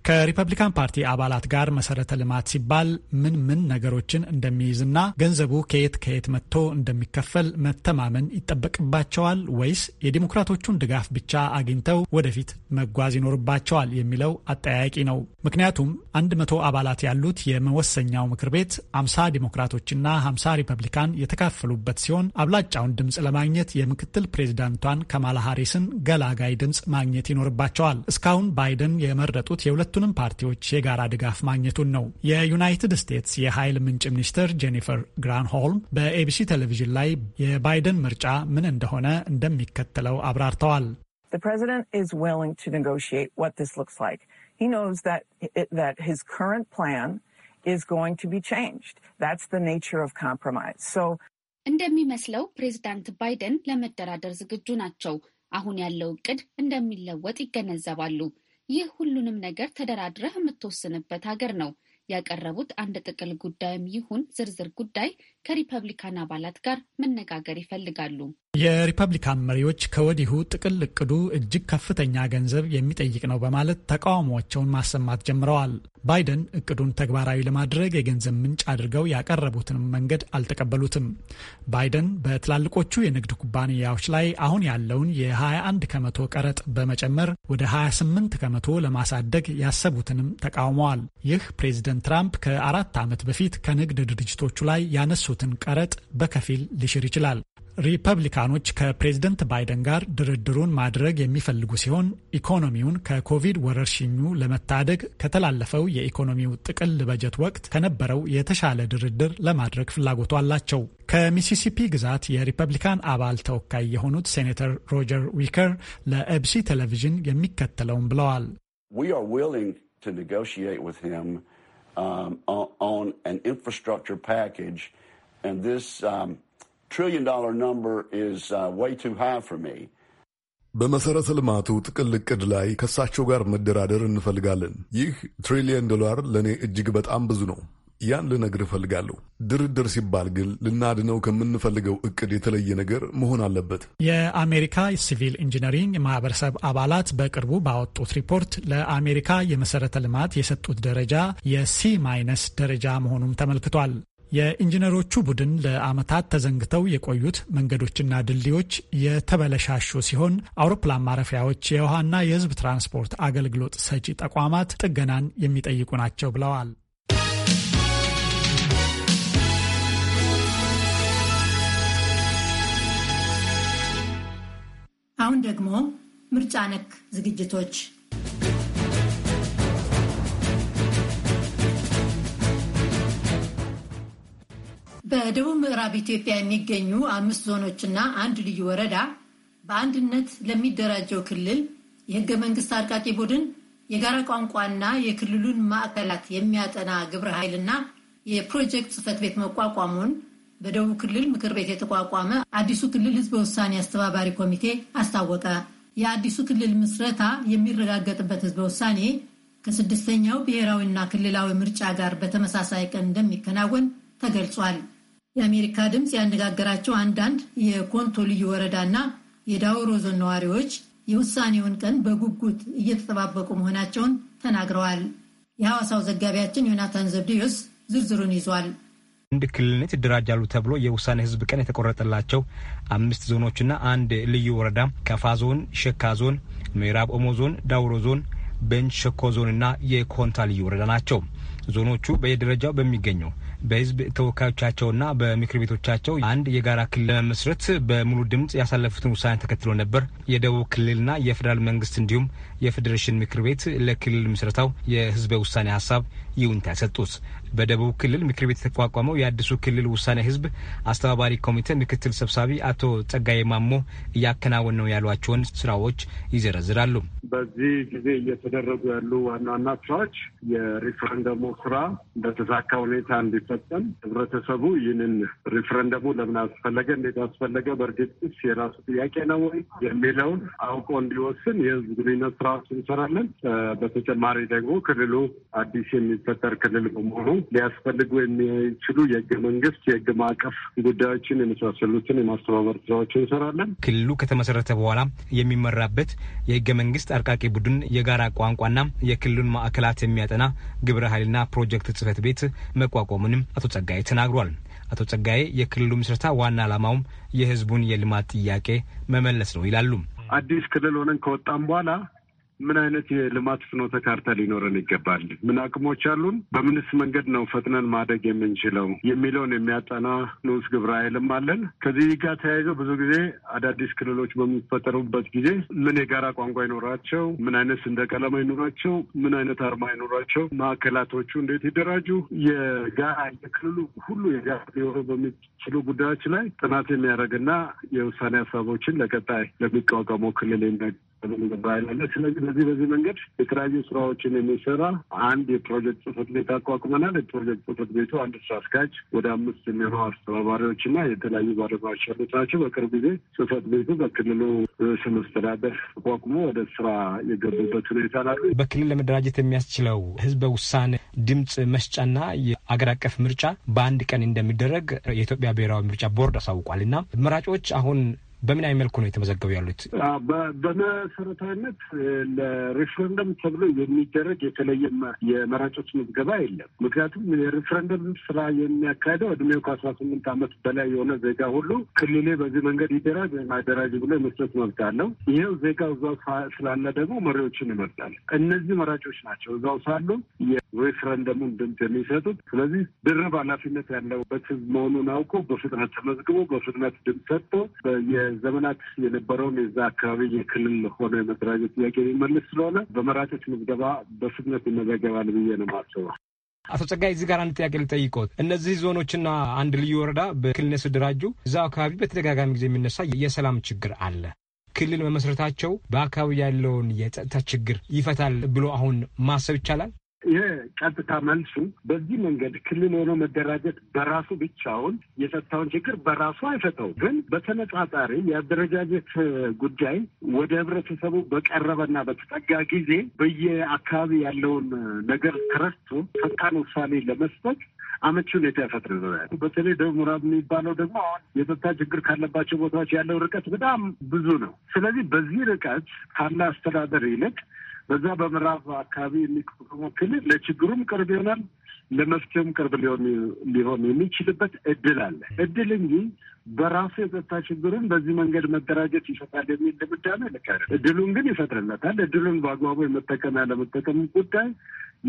ከሪፐብሊካን ፓርቲ አባላት ጋር መሰረተ ልማት ሲባል ምን ምን ነገሮችን እንደሚይዝና ገንዘቡ ከየት ከየት መጥቶ እንደሚከፈል መተማመን ይጠበቅባቸዋል ወይስ የዲሞክራቶቹን ድጋፍ ብቻ አግኝተው ወደፊት መጓዝ ይኖርባቸዋል የሚለው አጠያያቂ ነው። ምክንያቱም አንድ መቶ አባላት ያሉት የመወሰኛው ምክር ቤት አምሳ ዲሞክራቶችና ሀምሳ ሪፐብሊካን የተካፈሉበት ሲሆን አብላጫውን ድምፅ ለማግኘት የምክትል ፕሬዚዳንቷን ከማላ ሃሪስን ገላጋይ ድምፅ ማግኘት ይኖርባቸዋል። እስካሁን ባይደን የመረጡት የሁለ የሁለቱንም ፓርቲዎች የጋራ ድጋፍ ማግኘቱን ነው። የዩናይትድ ስቴትስ የኃይል ምንጭ ሚኒስትር ጄኒፈር ግራንሆልም በኤቢሲ ቴሌቪዥን ላይ የባይደን ምርጫ ምን እንደሆነ እንደሚከተለው አብራርተዋል። እንደሚመስለው ፕሬዚዳንት ባይደን ለመደራደር ዝግጁ ናቸው። አሁን ያለው እቅድ እንደሚለወጥ ይገነዘባሉ። ይህ ሁሉንም ነገር ተደራድረህ የምትወስንበት ሀገር ነው። ያቀረቡት አንድ ጥቅል ጉዳይም ይሁን ዝርዝር ጉዳይ ከሪፐብሊካን አባላት ጋር መነጋገር ይፈልጋሉ። የሪፐብሊካን መሪዎች ከወዲሁ ጥቅል እቅዱ እጅግ ከፍተኛ ገንዘብ የሚጠይቅ ነው በማለት ተቃውሟቸውን ማሰማት ጀምረዋል። ባይደን እቅዱን ተግባራዊ ለማድረግ የገንዘብ ምንጭ አድርገው ያቀረቡትን መንገድ አልተቀበሉትም። ባይደን በትላልቆቹ የንግድ ኩባንያዎች ላይ አሁን ያለውን የ21 ከመቶ ቀረጥ በመጨመር ወደ 28 ከመቶ ለማሳደግ ያሰቡትንም ተቃውመዋል። ይህ ፕሬዚደንት ትራምፕ ከአራት ዓመት በፊት ከንግድ ድርጅቶቹ ላይ ያነሱትን ቀረጥ በከፊል ሊሽር ይችላል። ሪፐብሊካኖች ከፕሬዝደንት ባይደን ጋር ድርድሩን ማድረግ የሚፈልጉ ሲሆን ኢኮኖሚውን ከኮቪድ ወረርሽኙ ለመታደግ ከተላለፈው የኢኮኖሚው ጥቅል በጀት ወቅት ከነበረው የተሻለ ድርድር ለማድረግ ፍላጎቱ አላቸው። ከሚሲሲፒ ግዛት የሪፐብሊካን አባል ተወካይ የሆኑት ሴኔተር ሮጀር ዊከር ለኤብሲ ቴሌቪዥን የሚከተለውን ብለዋል። um, trillion dollar number is uh, way too high for me. በመሰረተ ልማቱ ጥቅል እቅድ ላይ ከእሳቸው ጋር መደራደር እንፈልጋለን። ይህ ትሪሊየን ዶላር ለእኔ እጅግ በጣም ብዙ ነው። ያን ልነግር እፈልጋለሁ። ድርድር ሲባል ግን ልናድነው ከምንፈልገው እቅድ የተለየ ነገር መሆን አለበት። የአሜሪካ ሲቪል ኢንጂነሪንግ ማህበረሰብ አባላት በቅርቡ ባወጡት ሪፖርት ለአሜሪካ የመሰረተ ልማት የሰጡት ደረጃ የሲ ማይነስ ደረጃ መሆኑም ተመልክቷል። የኢንጂነሮቹ ቡድን ለአመታት ተዘንግተው የቆዩት መንገዶችና ድልድዮች የተበለሻሹ ሲሆን አውሮፕላን ማረፊያዎች፣ የውሃና የህዝብ ትራንስፖርት አገልግሎት ሰጪ ተቋማት ጥገናን የሚጠይቁ ናቸው ብለዋል። አሁን ደግሞ ምርጫ ነክ ዝግጅቶች በደቡብ ምዕራብ ኢትዮጵያ የሚገኙ አምስት ዞኖችና አንድ ልዩ ወረዳ በአንድነት ለሚደራጀው ክልል የህገ መንግስት አርቃቂ ቡድን የጋራ ቋንቋና የክልሉን ማዕከላት የሚያጠና ግብረ ኃይልና የፕሮጀክት ጽህፈት ቤት መቋቋሙን በደቡብ ክልል ምክር ቤት የተቋቋመ አዲሱ ክልል ህዝበ ውሳኔ አስተባባሪ ኮሚቴ አስታወቀ። የአዲሱ ክልል ምስረታ የሚረጋገጥበት ህዝበ ውሳኔ ከስድስተኛው ብሔራዊና ክልላዊ ምርጫ ጋር በተመሳሳይ ቀን እንደሚከናወን ተገልጿል። የአሜሪካ ድምፅ ያነጋገራቸው አንዳንድ የኮንቶ ልዩ ወረዳና የዳውሮ ዞን ነዋሪዎች የውሳኔውን ቀን በጉጉት እየተጠባበቁ መሆናቸውን ተናግረዋል። የሐዋሳው ዘጋቢያችን ዮናታን ዘብዴዎስ ዝርዝሩን ይዟል። አንድ ክልልነት ይደራጃሉ ተብሎ የውሳኔ ህዝብ ቀን የተቆረጠላቸው አምስት ዞኖችና አንድ ልዩ ወረዳ ከፋ ዞን፣ ሸካ ዞን፣ ምዕራብ ኦሞ ዞን፣ ዳውሮ ዞን፣ ቤንች ሸኮ ዞንና የኮንታ ልዩ ወረዳ ናቸው። ዞኖቹ በየደረጃው በሚገኘው በህዝብ ተወካዮቻቸውና በምክር ቤቶቻቸው አንድ የጋራ ክልል ለመመስረት በሙሉ ድምፅ ያሳለፉትን ውሳኔ ተከትሎ ነበር የደቡብ ክልልና የፌዴራል መንግስት እንዲሁም የፌዴሬሽን ምክር ቤት ለክልል ምስረታው የህዝበ ውሳኔ ሀሳብ ይውንታ ሰጡት። በደቡብ ክልል ምክር ቤት የተቋቋመው የአዲሱ ክልል ውሳኔ ህዝብ አስተባባሪ ኮሚቴ ምክትል ሰብሳቢ አቶ ጸጋዬ ማሞ እያከናወን ነው ያሏቸውን ስራዎች ይዘረዝራሉ። በዚህ ጊዜ እየተደረጉ ያሉ ዋና ዋና ስራዎች የሪፍረንደሙ ስራ በተሳካ ሁኔታ እንዲፈጸም ህብረተሰቡ ይህንን ሪፍረንደሙ ለምን አስፈለገ፣ እንዴት አስፈለገ፣ በእርግጥስ የራሱ ጥያቄ ነው ወይ የሚለውን አውቆ እንዲወስን የህዝብ ግንኙነት ስራዎች እንሰራለን። በተጨማሪ ደግሞ ክልሉ አዲስ የሚፈጠር ክልል በመሆኑ ሊያስፈልጉ የሚችሉ የህገ መንግስት የህግ ማዕቀፍ ጉዳዮችን የመሳሰሉትን የማስተባበር ስራዎችን እንሰራለን። ክልሉ ከተመሰረተ በኋላ የሚመራበት የህገ መንግስት አርቃቂ ቡድን የጋራ ቋንቋና የክልሉን ማዕከላት የሚያጠና ግብረ ኃይልና ፕሮጀክት ጽህፈት ቤት መቋቋሙንም አቶ ጸጋዬ ተናግሯል። አቶ ጸጋዬ የክልሉ ምስረታ ዋና ዓላማውም የህዝቡን የልማት ጥያቄ መመለስ ነው ይላሉ። አዲስ ክልል ሆነን ከወጣም በኋላ ምን አይነት የልማት ፍኖተ ካርታ ሊኖረን ይገባል? ምን አቅሞች አሉን? በምንስ መንገድ ነው ፈጥነን ማደግ የምንችለው የሚለውን የሚያጠና ንዑስ ግብረ ኃይልም አለን። ከዚህ ጋር ተያይዘው ብዙ ጊዜ አዳዲስ ክልሎች በሚፈጠሩበት ጊዜ ምን የጋራ ቋንቋ ይኖራቸው፣ ምን አይነት ሰንደቅ ዓላማ ይኖራቸው፣ ምን አይነት አርማ ይኖራቸው፣ ማዕከላቶቹ እንዴት ይደራጁ፣ የጋራ የክልሉ ሁሉ የጋራ ሊሆኑ በሚችሉ ጉዳዮች ላይ ጥናት የሚያደርግና የውሳኔ ሀሳቦችን ለቀጣይ ለሚቋቋመው ክልል የሚያገ ተገባይ ነገር። ስለዚህ በዚህ በዚህ መንገድ የተለያዩ ስራዎችን የሚሰራ አንድ የፕሮጀክት ጽህፈት ቤት አቋቁመናል። የፕሮጀክት ጽህፈት ቤቱ አንድ ስራ አስኪያጅ፣ ወደ አምስት የሚሆኑ አስተባባሪዎች እና የተለያዩ ባለሙያዎች ያሉት ናቸው። በቅርብ ጊዜ ጽህፈት ቤቱ በክልሉ ርዕሰ መስተዳደር ወደ ስራ የገቡበት ሁኔታ ላሉ በክልል ለመደራጀት የሚያስችለው ህዝበ ውሳኔ ድምፅ መስጫና የአገር አቀፍ ምርጫ በአንድ ቀን እንደሚደረግ የኢትዮጵያ ብሔራዊ ምርጫ ቦርድ አሳውቋል እና መራጮች አሁን በምን አይ መልኩ ነው የተመዘገቡ ያሉት? በመሰረታዊነት ለሬፍረንደም ተብሎ የሚደረግ የተለየ የመራጮች ምዝገባ የለም። ምክንያቱም የሬፍረንደም ስራ የሚያካሄደው እድሜው ከአስራ ስምንት ዓመት በላይ የሆነ ዜጋ ሁሉ ክልሌ በዚህ መንገድ ይደራጅ ወይም አደራጅ ብሎ የመስረት መብት አለው። ይሄው ዜጋው እዛው ስላለ ደግሞ መሪዎችን ይመርጣል። እነዚህ መራጮች ናቸው እዛው ሳሉ ሬፍረንደሙን ድምፅ የሚሰጡት። ስለዚህ ድርብ ኃላፊነት ያለበት ህዝብ መሆኑን አውቆ በፍጥነት ተመዝግቦ በፍጥነት ድምፅ ሰጥቶ የዘመናት የነበረውን የዛ አካባቢ የክልል ሆነ የመደራጀት ጥያቄ የሚመልስ ስለሆነ በመራጮች ምዝገባ በፍጥነት ይመዘገባል ብዬ ነው የማስበው። አቶ ጸጋይ እዚህ ጋር አንድ ጥያቄ ልጠይቆት። እነዚህ ዞኖችና አንድ ልዩ ወረዳ በክልልነት ሲደራጁ እዛው አካባቢ በተደጋጋሚ ጊዜ የሚነሳ የሰላም ችግር አለ። ክልል መመስረታቸው በአካባቢ ያለውን የጸጥታ ችግር ይፈታል ብሎ አሁን ማሰብ ይቻላል? የቀጥታ መልሱ በዚህ መንገድ ክልል ሆኖ መደራጀት በራሱ ብቻውን የጸጥታውን ችግር በራሱ አይፈታውም። ግን በተነጻጻሪ የአደረጃጀት ጉዳይ ወደ ህብረተሰቡ በቀረበና በተጠጋ ጊዜ በየአካባቢ ያለውን ነገር ተረስቶ ፈጣን ውሳኔ ለመስጠት አመቺ ሁኔታ ያፈጥርልናል። በተለይ ደቡብ ምዕራብ የሚባለው ደግሞ አሁን የጸጥታ ችግር ካለባቸው ቦታዎች ያለው ርቀት በጣም ብዙ ነው። ስለዚህ በዚህ ርቀት ካለ አስተዳደር ይልቅ በዛ በምዕራብ አካባቢ የሚቆመው ክልል ለችግሩም ቅርብ ይሆናል፣ ለመፍትሄውም ቅርብ ሊሆን የሚችልበት እድል አለ። እድል እንጂ በራሱ የጸጥታ ችግሩን በዚህ መንገድ መደራጀት ይፈታል የሚል ድምዳሜ ልክ አይደለም። እድሉን ግን ይፈጥርለታል። እድሉን በአግባቡ የመጠቀም ያለመጠቀም ጉዳይ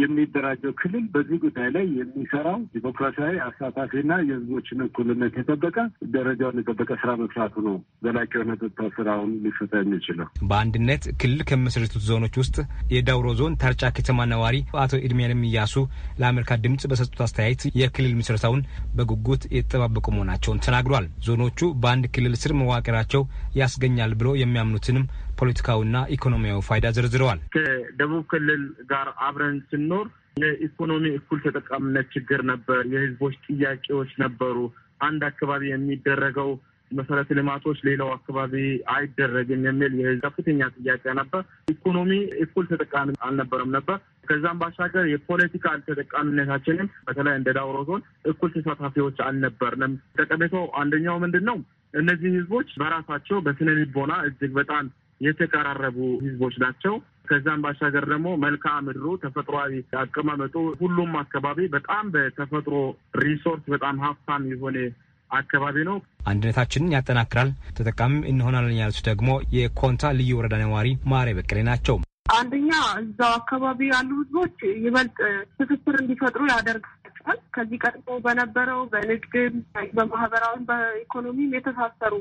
የሚደራጀው ክልል በዚህ ጉዳይ ላይ የሚሰራው ዲሞክራሲያዊ አሳታፊና የህዝቦችን እኩልነት የጠበቀ ደረጃውን የጠበቀ ስራ መስራቱ ነው ዘላቂ የሆነ ጥታ ስራውን ሊፈታ የሚችለው። በአንድነት ክልል ከመሰረቱት ዞኖች ውስጥ የዳውሮ ዞን ታርጫ ከተማ ነዋሪ አቶ እድሜያለም እያሱ ለአሜሪካ ድምጽ በሰጡት አስተያየት የክልል ምስረታውን በጉጉት የተጠባበቁ መሆናቸውን ተናግሯል። ዞኖቹ በአንድ ክልል ስር መዋቅራቸው ያስገኛል ብሎ የሚያምኑትንም ፖለቲካዊና ኢኮኖሚያዊ ፋይዳ ዘርዝረዋል። ከደቡብ ክልል ጋር አብረን ስንኖር የኢኮኖሚ እኩል ተጠቃሚነት ችግር ነበር። የህዝቦች ጥያቄዎች ነበሩ። አንድ አካባቢ የሚደረገው መሰረተ ልማቶች ሌላው አካባቢ አይደረግም የሚል ከፍተኛ ጥያቄ ነበር። ኢኮኖሚ እኩል ተጠቃሚ አልነበረም ነበር። ከዛም ባሻገር የፖለቲካል ተጠቃሚነታችንም በተለይ እንደ ዳውሮ ዞን እኩል ተሳታፊዎች አልነበርንም። ጠቀሜታው አንደኛው ምንድን ነው? እነዚህ ህዝቦች በራሳቸው በስነ ልቦና እጅግ በጣም የተቀራረቡ ህዝቦች ናቸው። ከዛም ባሻገር ደግሞ መልክዓ ምድሩ ተፈጥሯዊ አቀማመጡ ሁሉም አካባቢ በጣም በተፈጥሮ ሪሶርስ በጣም ሀብታም የሆነ አካባቢ ነው። አንድነታችንን ያጠናክራል፣ ተጠቃሚም እንሆናለን ያሉት ደግሞ የኮንታ ልዩ ወረዳ ነዋሪ ማሬ በቀሌ ናቸው። አንደኛ እዛው አካባቢ ያሉ ህዝቦች ይበልጥ ትስስር እንዲፈጥሩ ያደርጋል። ተሳትፏል። ከዚህ ቀጥሎ በነበረው በንግድም፣ በማህበራዊም፣ በኢኮኖሚም የተሳሰሩ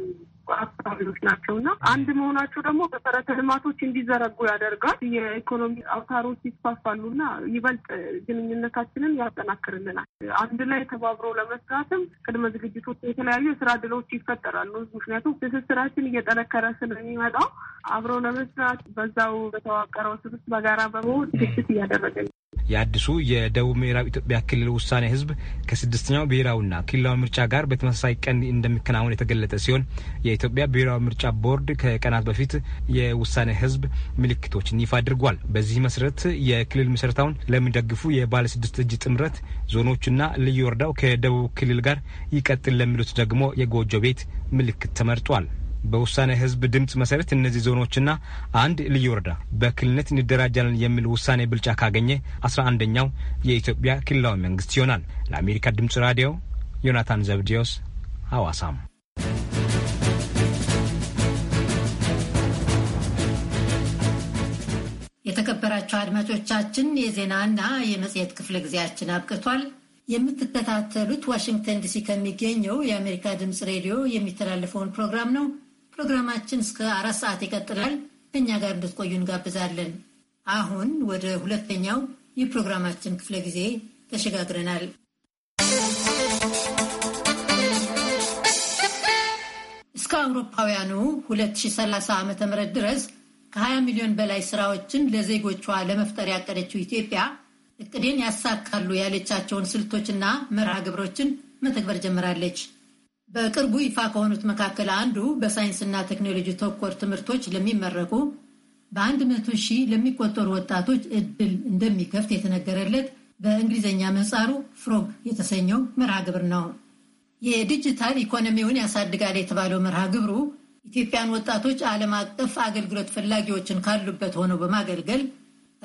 አካባቢዎች ናቸው እና አንድ መሆናቸው ደግሞ መሰረተ ልማቶች እንዲዘረጉ ያደርጋል። የኢኮኖሚ አውታሮች ይስፋፋሉና ይበልጥ ግንኙነታችንን ያጠናክርልናል። አንድ ላይ ተባብሮ ለመስራትም ቅድመ ዝግጅቶች፣ የተለያዩ የስራ እድሎች ይፈጠራሉ። ምክንያቱም ትስስራችን እየጠነከረ ስለሚመጣ አብሮ ለመስራት በዛው በተዋቀረው ስብስ በጋራ በመሆን ዝግጅት እያደረገ የአዲሱ የደቡብ ምዕራብ ኢትዮጵያ ክልል ውሳኔ ህዝብ ከስድስተኛው ብሔራዊና ክልላዊ ምርጫ ጋር በተመሳሳይ ቀን እንደሚከናወን የተገለጠ ሲሆን የኢትዮጵያ ብሔራዊ ምርጫ ቦርድ ከቀናት በፊት የውሳኔ ህዝብ ምልክቶችን ይፋ አድርጓል። በዚህ መሰረት የክልል ምስረታውን ለሚደግፉ የባለስድስት እጅ ጥምረት ዞኖቹና ልዩ ወረዳው ከደቡብ ክልል ጋር ይቀጥል ለሚሉት ደግሞ የጎጆ ቤት ምልክት ተመርጧል። በውሳኔ ህዝብ ድምፅ መሰረት እነዚህ ዞኖችና አንድ ልዩ ወረዳ በክልልነት እንደራጃለን የሚል ውሳኔ ብልጫ ካገኘ አስራ አንደኛው የኢትዮጵያ ክልላዊ መንግስት ይሆናል። ለአሜሪካ ድምፅ ራዲዮ ዮናታን ዘብዲዮስ ሐዋሳም የተከበራቸው አድማጮቻችን የዜናና የመጽሔት ክፍለ ጊዜያችን አብቅቷል። የምትከታተሉት ዋሽንግተን ዲሲ ከሚገኘው የአሜሪካ ድምፅ ሬዲዮ የሚተላለፈውን ፕሮግራም ነው። ፕሮግራማችን እስከ አራት ሰዓት ይቀጥላል። ከእኛ ጋር እንድትቆዩ እንጋብዛለን። አሁን ወደ ሁለተኛው የፕሮግራማችን ክፍለ ጊዜ ተሸጋግረናል። እስከ አውሮፓውያኑ 2030 ዓ ም ድረስ ከ20 ሚሊዮን በላይ ስራዎችን ለዜጎቿ ለመፍጠር ያቀደችው ኢትዮጵያ እቅዴን ያሳካሉ ያለቻቸውን ስልቶችና መርሃ ግብሮችን መተግበር ጀምራለች። በቅርቡ ይፋ ከሆኑት መካከል አንዱ በሳይንስና ቴክኖሎጂ ተኮር ትምህርቶች ለሚመረቁ በአንድ መቶ ሺህ ለሚቆጠሩ ወጣቶች እድል እንደሚከፍት የተነገረለት በእንግሊዝኛ ምህጻሩ ፍሮግ የተሰኘው መርሃ ግብር ነው። የዲጂታል ኢኮኖሚውን ያሳድጋል የተባለው መርሃ ግብሩ ኢትዮጵያን ወጣቶች ዓለም አቀፍ አገልግሎት ፈላጊዎችን ካሉበት ሆነው በማገልገል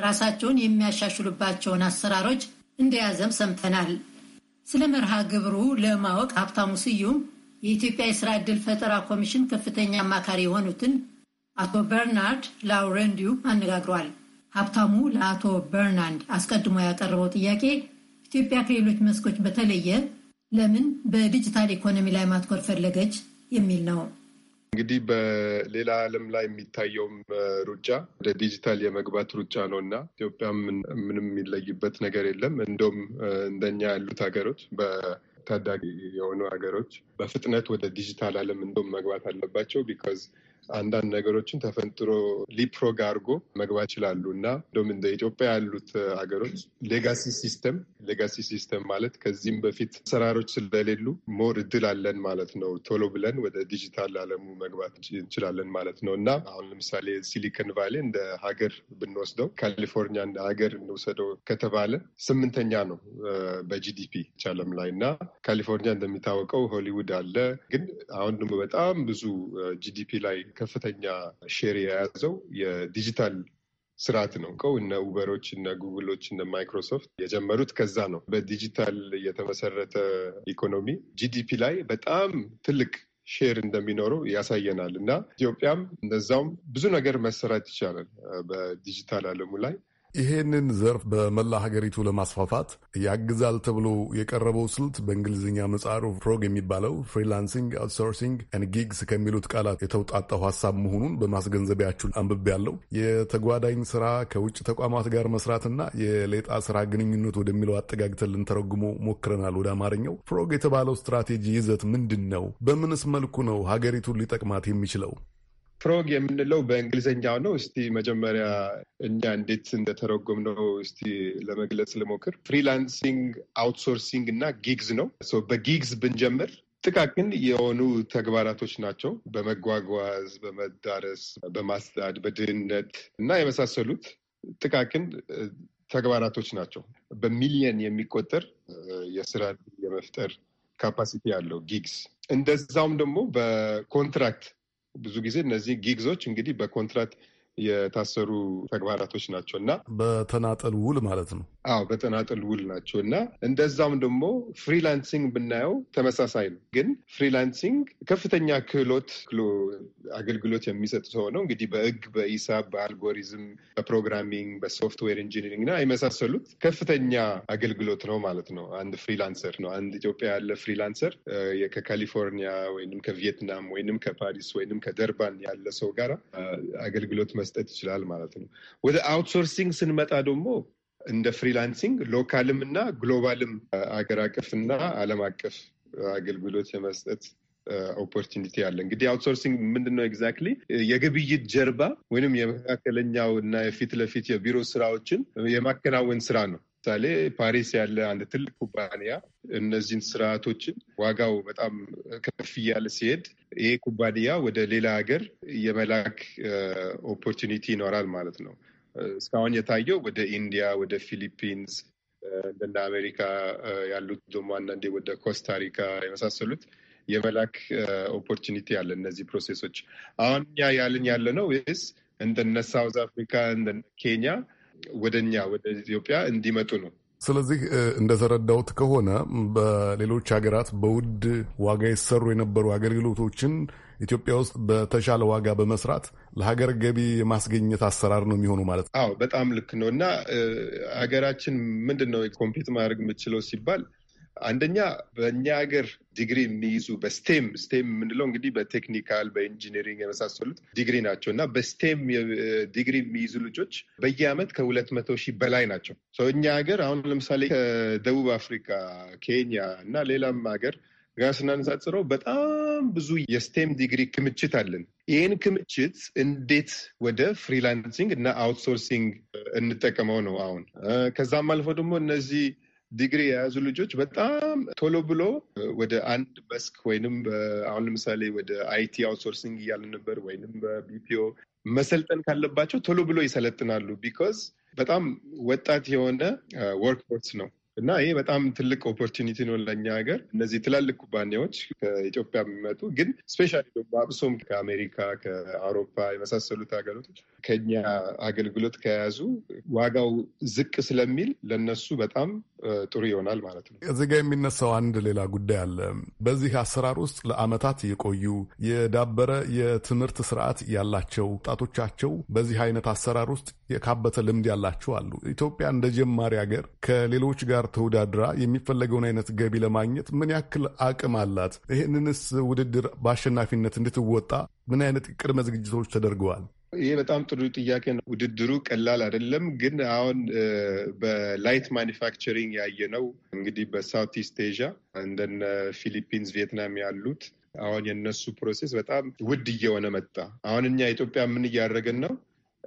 ራሳቸውን የሚያሻሽሉባቸውን አሰራሮች እንደያዘም ሰምተናል። ስለ መርሃ ግብሩ ለማወቅ ሀብታሙ ስዩም የኢትዮጵያ የስራ ዕድል ፈጠራ ኮሚሽን ከፍተኛ አማካሪ የሆኑትን አቶ በርናርድ ላውረንዲዩ አነጋግሯል። ሀብታሙ ለአቶ በርናንድ አስቀድሞ ያቀረበው ጥያቄ ኢትዮጵያ ከሌሎች መስኮች በተለየ ለምን በዲጂታል ኢኮኖሚ ላይ ማትኮር ፈለገች የሚል ነው። እንግዲህ በሌላ ዓለም ላይ የሚታየውም ሩጫ ወደ ዲጂታል የመግባት ሩጫ ነው እና ኢትዮጵያ ምንም የሚለይበት ነገር የለም። እንደውም እንደኛ ያሉት ሀገሮች ታዳጊ የሆኑ ሀገሮች በፍጥነት ወደ ዲጂታል ዓለም እንደውም መግባት አለባቸው ቢካዝ አንዳንድ ነገሮችን ተፈንጥሮ ሊፕሮግ አድርጎ መግባት ይችላሉ እና እንደውም እንደ ኢትዮጵያ ያሉት ሀገሮች ሌጋሲ ሲስተም ሌጋሲ ሲስተም ማለት ከዚህም በፊት ሰራሮች ስለሌሉ ሞር እድል አለን ማለት ነው። ቶሎ ብለን ወደ ዲጂታል አለሙ መግባት እንችላለን ማለት ነው እና አሁን ለምሳሌ ሲሊከን ቫሌ እንደ ሀገር ብንወስደው ካሊፎርኒያ እንደ ሀገር እንወሰደው ከተባለ ስምንተኛ ነው በጂዲፒ ቻለም ላይ እና ካሊፎርኒያ እንደሚታወቀው ሆሊውድ አለ ግን አሁን ደግሞ በጣም ብዙ ጂዲፒ ላይ ከፍተኛ ሼር የያዘው የዲጂታል ስርዓት ነው። ቀው እነ ኡበሮች እነ ጉግሎች እነ ማይክሮሶፍት የጀመሩት ከዛ ነው። በዲጂታል የተመሰረተ ኢኮኖሚ ጂዲፒ ላይ በጣም ትልቅ ሼር እንደሚኖረው ያሳየናል እና ኢትዮጵያም እነዛውም ብዙ ነገር መሰራት ይቻላል በዲጂታል አለሙ ላይ ይሄንን ዘርፍ በመላ ሀገሪቱ ለማስፋፋት ያግዛል ተብሎ የቀረበው ስልት በእንግሊዝኛ መጻሩ ፍሮግ የሚባለው ፍሪላንሲንግ፣ አውትሶርሲንግ ን ጊግስ ከሚሉት ቃላት የተውጣጣው ሀሳብ መሆኑን በማስገንዘቢያችሁ አንብቤ ያለው የተጓዳኝ ስራ ከውጭ ተቋማት ጋር መስራትና የሌጣ ስራ ግንኙነት ወደሚለው አጠጋግተን ልንተረጉሞ ሞክረናል ወደ አማርኛው። ፍሮግ የተባለው ስትራቴጂ ይዘት ምንድን ነው? በምንስ መልኩ ነው ሀገሪቱን ሊጠቅማት የሚችለው? ፍሮግ የምንለው በእንግሊዝኛው ነው። እስቲ መጀመሪያ እኛ እንዴት እንደተረጎም ነው እስቲ ለመግለጽ ልሞክር። ፍሪላንሲንግ፣ አውትሶርሲንግ እና ጊግዝ ነው። በጊግዝ ብንጀምር ጥቃቅን የሆኑ ተግባራቶች ናቸው። በመጓጓዝ፣ በመዳረስ፣ በማስዳድ፣ በድህነት እና የመሳሰሉት ጥቃቅን ተግባራቶች ናቸው። በሚሊየን የሚቆጠር የስራ የመፍጠር ካፓሲቲ ያለው ጊግስ። እንደዛውም ደግሞ በኮንትራክት ብዙ ጊዜ እነዚህ ጊግዞች እንግዲህ በኮንትራት የታሰሩ ተግባራቶች ናቸው እና በተናጠል ውል ማለት ነው። አዎ በተናጠል ውል ናቸው እና እንደዛም ደግሞ ፍሪላንሲንግ ብናየው ተመሳሳይ ነው። ግን ፍሪላንሲንግ ከፍተኛ ክህሎት አገልግሎት የሚሰጥ ሰው ነው እንግዲህ በህግ፣ በሂሳብ፣ በአልጎሪዝም፣ በፕሮግራሚንግ፣ በሶፍትዌር ኢንጂኒሪንግ እና የመሳሰሉት ከፍተኛ አገልግሎት ነው ማለት ነው። አንድ ፍሪላንሰር ነው አንድ ኢትዮጵያ ያለ ፍሪላንሰር ከካሊፎርኒያ ወይንም ከቪየትናም ወይንም ከፓሪስ ወይንም ከደርባን ያለ ሰው ጋር አገልግሎት መስጠት ይችላል ማለት ነው። ወደ አውትሶርሲንግ ስንመጣ ደግሞ እንደ ፍሪላንሲንግ ሎካልም እና ግሎባልም አገር አቀፍ እና ዓለም አቀፍ አገልግሎት የመስጠት ኦፖርቹኒቲ አለ። እንግዲህ አውትሶርሲንግ ምንድን ነው ኤግዛክትሊ? የግብይት ጀርባ ወይም የመካከለኛው እና የፊት ለፊት የቢሮ ስራዎችን የማከናወን ስራ ነው። ለምሳሌ ፓሪስ ያለ አንድ ትልቅ ኩባንያ እነዚህን ስርዓቶችን ዋጋው በጣም ከፍ እያለ ሲሄድ ይሄ ኩባንያ ወደ ሌላ ሀገር የመላክ ኦፖርቹኒቲ ይኖራል ማለት ነው። እስካሁን የታየው ወደ ኢንዲያ፣ ወደ ፊሊፒንስ እንደ አሜሪካ ያሉት ደግሞ አንዳንዴ ወደ ኮስታሪካ የመሳሰሉት የመላክ ኦፖርቹኒቲ አለ። እነዚህ ፕሮሴሶች አሁን እኛ ያልን ያለ ነው ስ እንደነ ሳውዝ አፍሪካ እንደነ ኬንያ ወደ እኛ ወደ ኢትዮጵያ እንዲመጡ ነው። ስለዚህ እንደተረዳሁት ከሆነ በሌሎች ሀገራት በውድ ዋጋ የተሰሩ የነበሩ አገልግሎቶችን ኢትዮጵያ ውስጥ በተሻለ ዋጋ በመስራት ለሀገር ገቢ የማስገኘት አሰራር ነው የሚሆኑ ማለት ነው። አዎ በጣም ልክ ነው። እና ሀገራችን ምንድን ነው ኮምፒት ማድረግ የምችለው ሲባል አንደኛ በእኛ ሀገር ዲግሪ የሚይዙ በስቴም ስቴም የምንለው እንግዲህ በቴክኒካል በኢንጂነሪንግ የመሳሰሉት ዲግሪ ናቸው እና በስቴም ዲግሪ የሚይዙ ልጆች በየአመት ከሁለት መቶ ሺህ በላይ ናቸው። ሰው እኛ ሀገር አሁን ለምሳሌ ከደቡብ አፍሪካ፣ ኬንያ እና ሌላም ሀገር ጋር ስናነጻጽረው በጣም ብዙ የስቴም ዲግሪ ክምችት አለን። ይህን ክምችት እንዴት ወደ ፍሪላንሲንግ እና አውትሶርሲንግ እንጠቀመው ነው አሁን ከዛም አልፎ ደግሞ እነዚህ ዲግሪ የያዙ ልጆች በጣም ቶሎ ብሎ ወደ አንድ መስክ ወይንም አሁን ለምሳሌ ወደ አይቲ አውትሶርሲንግ እያለ ነበር ወይንም በቢፒኦ መሰልጠን ካለባቸው ቶሎ ብሎ ይሰለጥናሉ። ቢኮዝ በጣም ወጣት የሆነ ወርክፎርስ ነው እና ይሄ በጣም ትልቅ ኦፖርቹኒቲ ነው ለእኛ ሀገር። እነዚህ ትላልቅ ኩባንያዎች ከኢትዮጵያ የሚመጡ ግን ስፔሻሊ ደግሞ አብሶም ከአሜሪካ፣ ከአውሮፓ የመሳሰሉት ሀገሮች ከኛ አገልግሎት ከያዙ ዋጋው ዝቅ ስለሚል ለነሱ በጣም ጥሩ ይሆናል ማለት ነው። እዚህ ጋር የሚነሳው አንድ ሌላ ጉዳይ አለ። በዚህ አሰራር ውስጥ ለአመታት የቆዩ የዳበረ የትምህርት ስርዓት ያላቸው ወጣቶቻቸው በዚህ አይነት አሰራር ውስጥ የካበተ ልምድ ያላቸው አሉ። ኢትዮጵያ እንደ ጀማሪ ሀገር ከሌሎች ጋር ተወዳድራ የሚፈለገውን አይነት ገቢ ለማግኘት ምን ያክል አቅም አላት? ይህንንስ ውድድር በአሸናፊነት እንድትወጣ ምን አይነት ቅድመ ዝግጅቶች ተደርገዋል? ይሄ በጣም ጥሩ ጥያቄ ነው። ውድድሩ ቀላል አይደለም። ግን አሁን በላይት ማኒፋክቸሪንግ ያየ ነው እንግዲህ በሳውት ኢስት ኤዥያ እንደነ ፊሊፒንስ፣ ቪየትናም ያሉት አሁን የነሱ ፕሮሴስ በጣም ውድ እየሆነ መጣ። አሁን እኛ ኢትዮጵያ ምን እያደረገን ነው?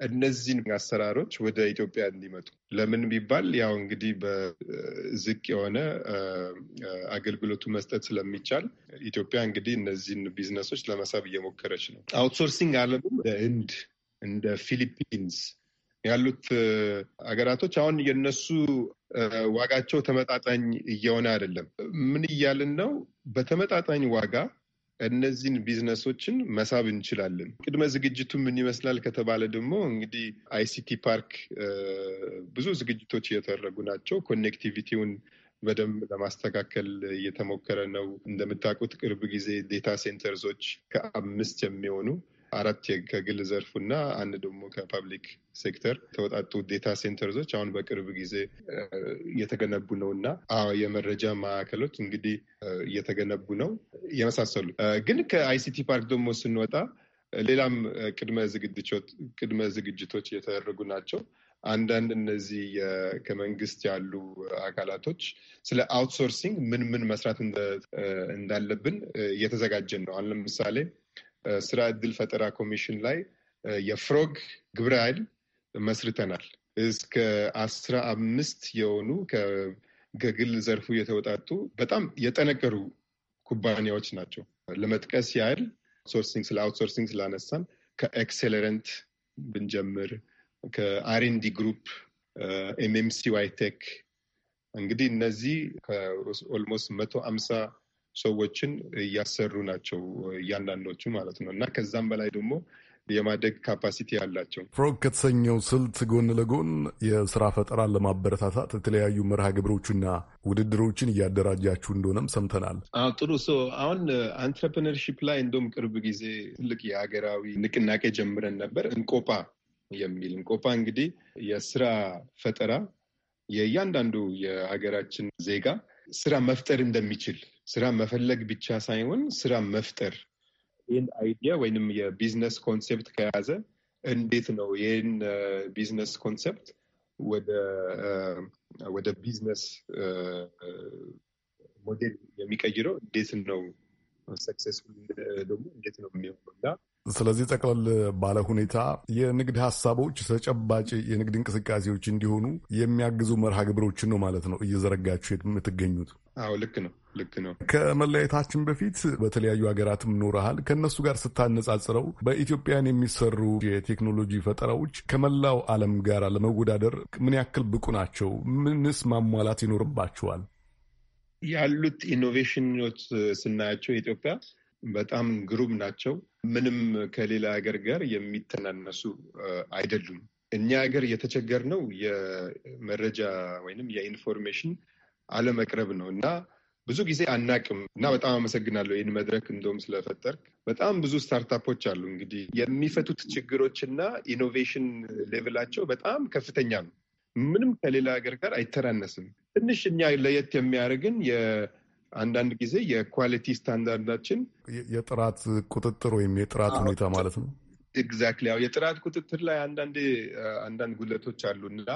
እነዚህን አሰራሮች ወደ ኢትዮጵያ እንዲመጡ ለምን ቢባል ያው እንግዲህ በዝቅ የሆነ አገልግሎቱ መስጠት ስለሚቻል ኢትዮጵያ እንግዲህ እነዚህን ቢዝነሶች ለመሳብ እየሞከረች ነው። አውትሶርሲንግ ዓለምም ለህንድ እንደ ፊሊፒንስ ያሉት አገራቶች አሁን የነሱ ዋጋቸው ተመጣጣኝ እየሆነ አይደለም። ምን እያልን ነው? በተመጣጣኝ ዋጋ እነዚህን ቢዝነሶችን መሳብ እንችላለን። ቅድመ ዝግጅቱ ምን ይመስላል ከተባለ ደግሞ እንግዲህ አይሲቲ ፓርክ ብዙ ዝግጅቶች እየተደረጉ ናቸው። ኮኔክቲቪቲውን በደንብ ለማስተካከል እየተሞከረ ነው። እንደምታውቁት ቅርብ ጊዜ ዴታ ሴንተርዞች ከአምስት የሚሆኑ አራት ከግል ዘርፉ እና አንድ ደግሞ ከፐብሊክ ሴክተር የተወጣጡ ዴታ ሴንተርዞች አሁን በቅርብ ጊዜ እየተገነቡ ነው እና የመረጃ ማዕከሎች እንግዲህ እየተገነቡ ነው የመሳሰሉ ግን ከአይሲቲ ፓርክ ደግሞ ስንወጣ ሌላም ቅድመ ዝግጅቶች እየተደረጉ ናቸው። አንዳንድ እነዚህ ከመንግስት ያሉ አካላቶች ስለ አውትሶርሲንግ ምን ምን መስራት እንዳለብን እየተዘጋጀን ነው። አሁን ለምሳሌ ስራ እድል ፈጠራ ኮሚሽን ላይ የፍሮግ ግብረ ኃይል መስርተናል። እስከ አስራ አምስት የሆኑ ከግል ዘርፉ የተወጣጡ በጣም የጠነከሩ ኩባንያዎች ናቸው። ለመጥቀስ ያህል ሶርሲንግ ስለ አውትሶርሲንግ ስላነሳን ከኤክሴለረንት ብንጀምር ከአርንዲ ግሩፕ ኤምኤምሲ ዋይቴክ እንግዲህ እነዚህ ከኦልሞስት መቶ አምሳ ሰዎችን እያሰሩ ናቸው እያንዳንዶቹ ማለት ነው እና ከዛም በላይ ደግሞ የማደግ ካፓሲቲ አላቸው። ፍሮግ ከተሰኘው ስልት ጎን ለጎን የስራ ፈጠራን ለማበረታታት የተለያዩ መርሃ ግብሮችና ውድድሮችን እያደራጃችሁ እንደሆነም ሰምተናል። ጥሩ ሰው አሁን አንትረፕነርሺፕ ላይ እንደውም ቅርብ ጊዜ ትልቅ የሀገራዊ ንቅናቄ ጀምረን ነበር። እንቆፓ የሚል እንቆፓ እንግዲህ የስራ ፈጠራ የእያንዳንዱ የሀገራችን ዜጋ ስራ መፍጠር እንደሚችል ስራ መፈለግ ብቻ ሳይሆን ስራ መፍጠር ይህን አይዲያ ወይንም የቢዝነስ ኮንሴፕት ከያዘ እንዴት ነው ይህን ቢዝነስ ኮንሴፕት ወደ ቢዝነስ ሞዴል የሚቀይረው እንዴት ነው ሰክሴስፉል ደግሞ እንዴት ነው የሚሆነው እና ስለዚህ ጠቅለል ባለ ሁኔታ የንግድ ሀሳቦች ተጨባጭ የንግድ እንቅስቃሴዎች እንዲሆኑ የሚያግዙ መርሃ ግብሮችን ነው ማለት ነው እየዘረጋችሁ የምትገኙት? አዎ ልክ ነው ልክ ነው። ከመለያየታችን በፊት በተለያዩ ሀገራትም ኖረሃል። ከእነሱ ጋር ስታነጻጽረው በኢትዮጵያን የሚሰሩ የቴክኖሎጂ ፈጠራዎች ከመላው ዓለም ጋር ለመወዳደር ምን ያክል ብቁ ናቸው? ምንስ ማሟላት ይኖርባቸዋል? ያሉት ኢኖቬሽኖች ስናያቸው የኢትዮጵያ በጣም ግሩም ናቸው። ምንም ከሌላ ሀገር ጋር የሚተናነሱ አይደሉም። እኛ ሀገር የተቸገርነው የመረጃ ወይንም የኢንፎርሜሽን አለመቅረብ ነው እና ብዙ ጊዜ አናቅም እና በጣም አመሰግናለሁ ይህን መድረክ እንደውም ስለፈጠርክ። በጣም ብዙ ስታርታፖች አሉ እንግዲህ የሚፈቱት ችግሮች እና ኢኖቬሽን ሌቭላቸው በጣም ከፍተኛ ነው። ምንም ከሌላ ሀገር ጋር አይተናነስም። ትንሽ እኛ ለየት የሚያደርግን አንዳንድ ጊዜ የኳሊቲ ስታንዳርዳችን የጥራት ቁጥጥር ወይም የጥራት ሁኔታ ማለት ነው። ኤግዛክትሊ ያው የጥራት ቁጥጥር ላይ አንዳንድ አንዳንድ ጉለቶች አሉ እና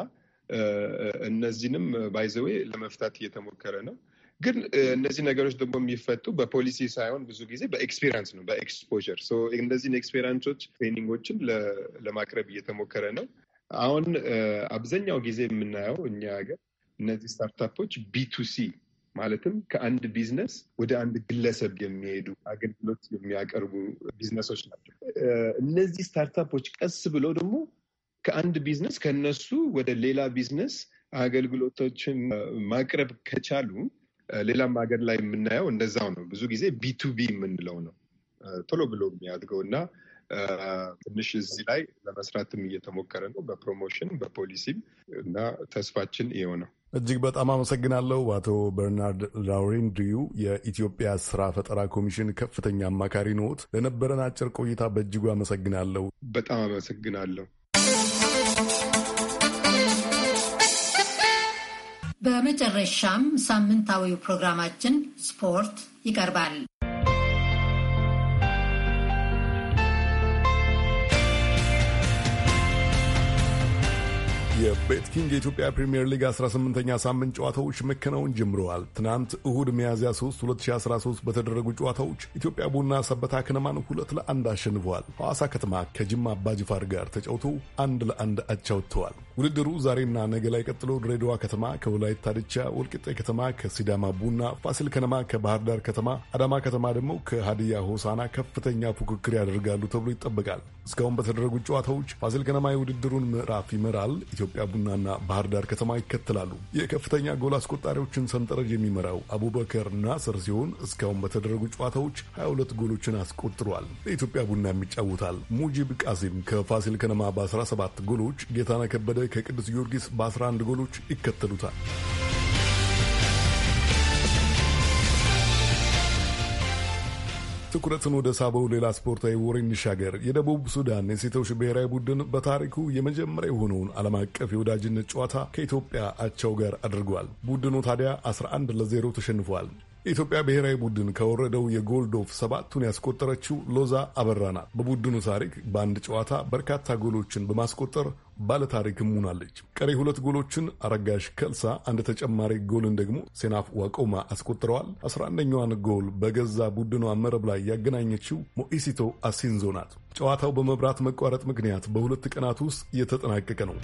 እነዚህንም ባይዘዌ ለመፍታት እየተሞከረ ነው። ግን እነዚህ ነገሮች ደግሞ የሚፈቱ በፖሊሲ ሳይሆን ብዙ ጊዜ በኤክስፔሪንስ ነው፣ በኤክስፖር እነዚህን ኤክስፔሪንሶች ትሬኒንጎችን ለማቅረብ እየተሞከረ ነው። አሁን አብዛኛው ጊዜ የምናየው እኛ ሀገር እነዚህ ስታርታፖች ቢቱሲ ማለትም ከአንድ ቢዝነስ ወደ አንድ ግለሰብ የሚሄዱ አገልግሎት የሚያቀርቡ ቢዝነሶች ናቸው። እነዚህ ስታርታፖች ቀስ ብለው ደግሞ ከአንድ ቢዝነስ ከነሱ ወደ ሌላ ቢዝነስ አገልግሎቶችን ማቅረብ ከቻሉ ሌላም ሀገር ላይ የምናየው እንደዛው ነው። ብዙ ጊዜ ቢቱቢ የምንለው ነው ቶሎ ብሎ የሚያድገው እና ትንሽ እዚህ ላይ ለመስራትም እየተሞከረ ነው በፕሮሞሽን በፖሊሲም እና ተስፋችን ይኸው ነው። እጅግ በጣም አመሰግናለሁ አቶ በርናርድ ላውሬንድዩ የኢትዮጵያ ስራ ፈጠራ ኮሚሽን ከፍተኛ አማካሪ ነዎት። ለነበረን አጭር ቆይታ በእጅጉ አመሰግናለሁ። በጣም አመሰግናለሁ። በመጨረሻም ሳምንታዊው ፕሮግራማችን ስፖርት ይቀርባል። የቤትኪንግ የኢትዮጵያ ፕሪምየር ሊግ 18ኛ ሳምንት ጨዋታዎች መከናወን ጀምረዋል። ትናንት እሁድ ሚያዝያ 3 2013 በተደረጉ ጨዋታዎች ኢትዮጵያ ቡና ሰበታ ከነማን ሁለት ለአንድ አሸንፈዋል። ሐዋሳ ከተማ ከጅማ አባጅፋር ጋር ተጫውቶ አንድ ለአንድ አቻ ወጥተዋል። ውድድሩ ዛሬና ነገ ላይ ቀጥሎ ድሬዳዋ ከተማ ከወላይታ ድቻ፣ ወልቂጤ ከተማ ከሲዳማ ቡና፣ ፋሲል ከነማ ከባህር ዳር ከተማ፣ አዳማ ከተማ ደግሞ ከሃዲያ ሆሳና ከፍተኛ ፉክክር ያደርጋሉ ተብሎ ይጠበቃል። እስካሁን በተደረጉ ጨዋታዎች ፋሲል ከነማ የውድድሩን ምዕራፍ ይመራል። ኢትዮጵያ ቡናና ባህር ዳር ከተማ ይከተላሉ። የከፍተኛ ጎል አስቆጣሪዎችን ሰንጠረዥ የሚመራው አቡበከር ናስር ሲሆን እስካሁን በተደረጉ ጨዋታዎች 22 ጎሎችን አስቆጥሯል። ለኢትዮጵያ ቡናም ይጫወታል። ሙጂብ ቃሲም ከፋሲል ከነማ በ17 ጎሎች፣ ጌታነህ ከበደ ከቅዱስ ጊዮርጊስ በ11 ጎሎች ይከተሉታል። ትኩረትን ወደ ሳበው ሌላ ስፖርታዊ ወሬ እንሻገር። የደቡብ ሱዳን የሴቶች ብሔራዊ ቡድን በታሪኩ የመጀመሪያ የሆነውን ዓለም አቀፍ የወዳጅነት ጨዋታ ከኢትዮጵያ አቻው ጋር አድርጓል። ቡድኑ ታዲያ 11 ለዜሮ ተሸንፏል። የኢትዮጵያ ብሔራዊ ቡድን ከወረደው የጎልዶፍ ሰባቱን ያስቆጠረችው ሎዛ አበራ ናት። በቡድኑ ታሪክ በአንድ ጨዋታ በርካታ ጎሎችን በማስቆጠር ባለታሪክም ሆናለች። ቀሪ ሁለት ጎሎችን አረጋሽ ከልሳ፣ አንድ ተጨማሪ ጎልን ደግሞ ሴናፍ ዋቆማ አስቆጥረዋል። አስራ አንደኛዋን ጎል በገዛ ቡድኗ መረብ ላይ ያገናኘችው ሞኢሲቶ አሲንዞ ናት። ጨዋታው በመብራት መቋረጥ ምክንያት በሁለት ቀናት ውስጥ እየተጠናቀቀ ነው።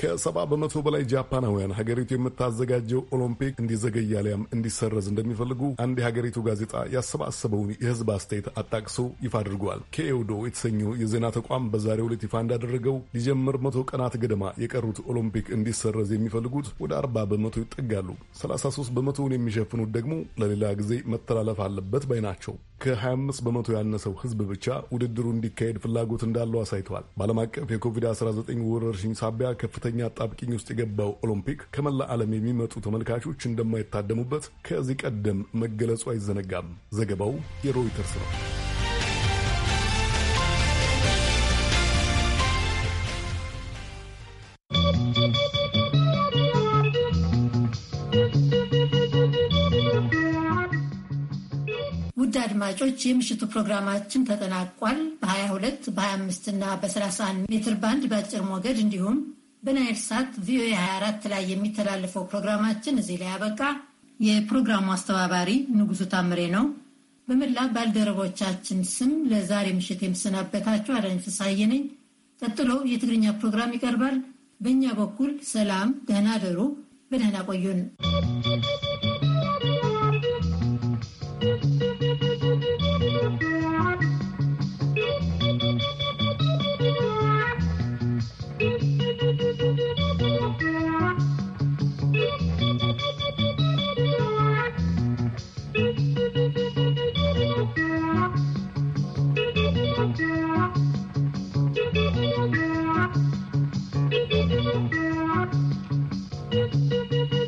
ከሰባ በመቶ በላይ ጃፓናውያን ሀገሪቱ የምታዘጋጀው ኦሎምፒክ እንዲዘገይ አሊያም እንዲሰረዝ እንደሚፈልጉ አንድ የሀገሪቱ ጋዜጣ ያሰባሰበውን የህዝብ አስተያየት አጣቅሶ ይፋ አድርጓል። ከኤውዶ የተሰኘው የዜና ተቋም በዛሬው ዕለት ይፋ እንዳደረገው ሊጀምር መቶ ቀናት ገደማ የቀሩት ኦሎምፒክ እንዲሰረዝ የሚፈልጉት ወደ አርባ በመቶ ይጠጋሉ። 33 በመቶውን የሚሸፍኑት ደግሞ ለሌላ ጊዜ መተላለፍ አለበት ባይ ናቸው። ከ25 በመቶ ያነሰው ህዝብ ብቻ ውድድሩ እንዲካሄድ ፍላጎት እንዳለው አሳይተዋል። በዓለም አቀፍ የኮቪድ-19 ወረርሽኝ ሳቢያ ከፍተኛ ጣብቅኝ ውስጥ የገባው ኦሎምፒክ ከመላ ዓለም የሚመጡ ተመልካቾች እንደማይታደሙበት ከዚህ ቀደም መገለጹ አይዘነጋም። ዘገባው የሮይተርስ ነው። አድማጮች የምሽቱ ፕሮግራማችን ተጠናቋል። በ22 በ25 እና በ31 ሜትር ባንድ በአጭር ሞገድ እንዲሁም በናይል ሳት ቪኦኤ 24 ላይ የሚተላለፈው ፕሮግራማችን እዚህ ላይ ያበቃ። የፕሮግራሙ አስተባባሪ ንጉሱ ታምሬ ነው። በመላ ባልደረቦቻችን ስም ለዛሬ ምሽት የምሰናበታችሁ አዳኝ ፍሳዬ ነኝ። ቀጥሎ የትግርኛ ፕሮግራም ይቀርባል። በእኛ በኩል ሰላም፣ ደህና ደሩ፣ በደህና ቆዩን።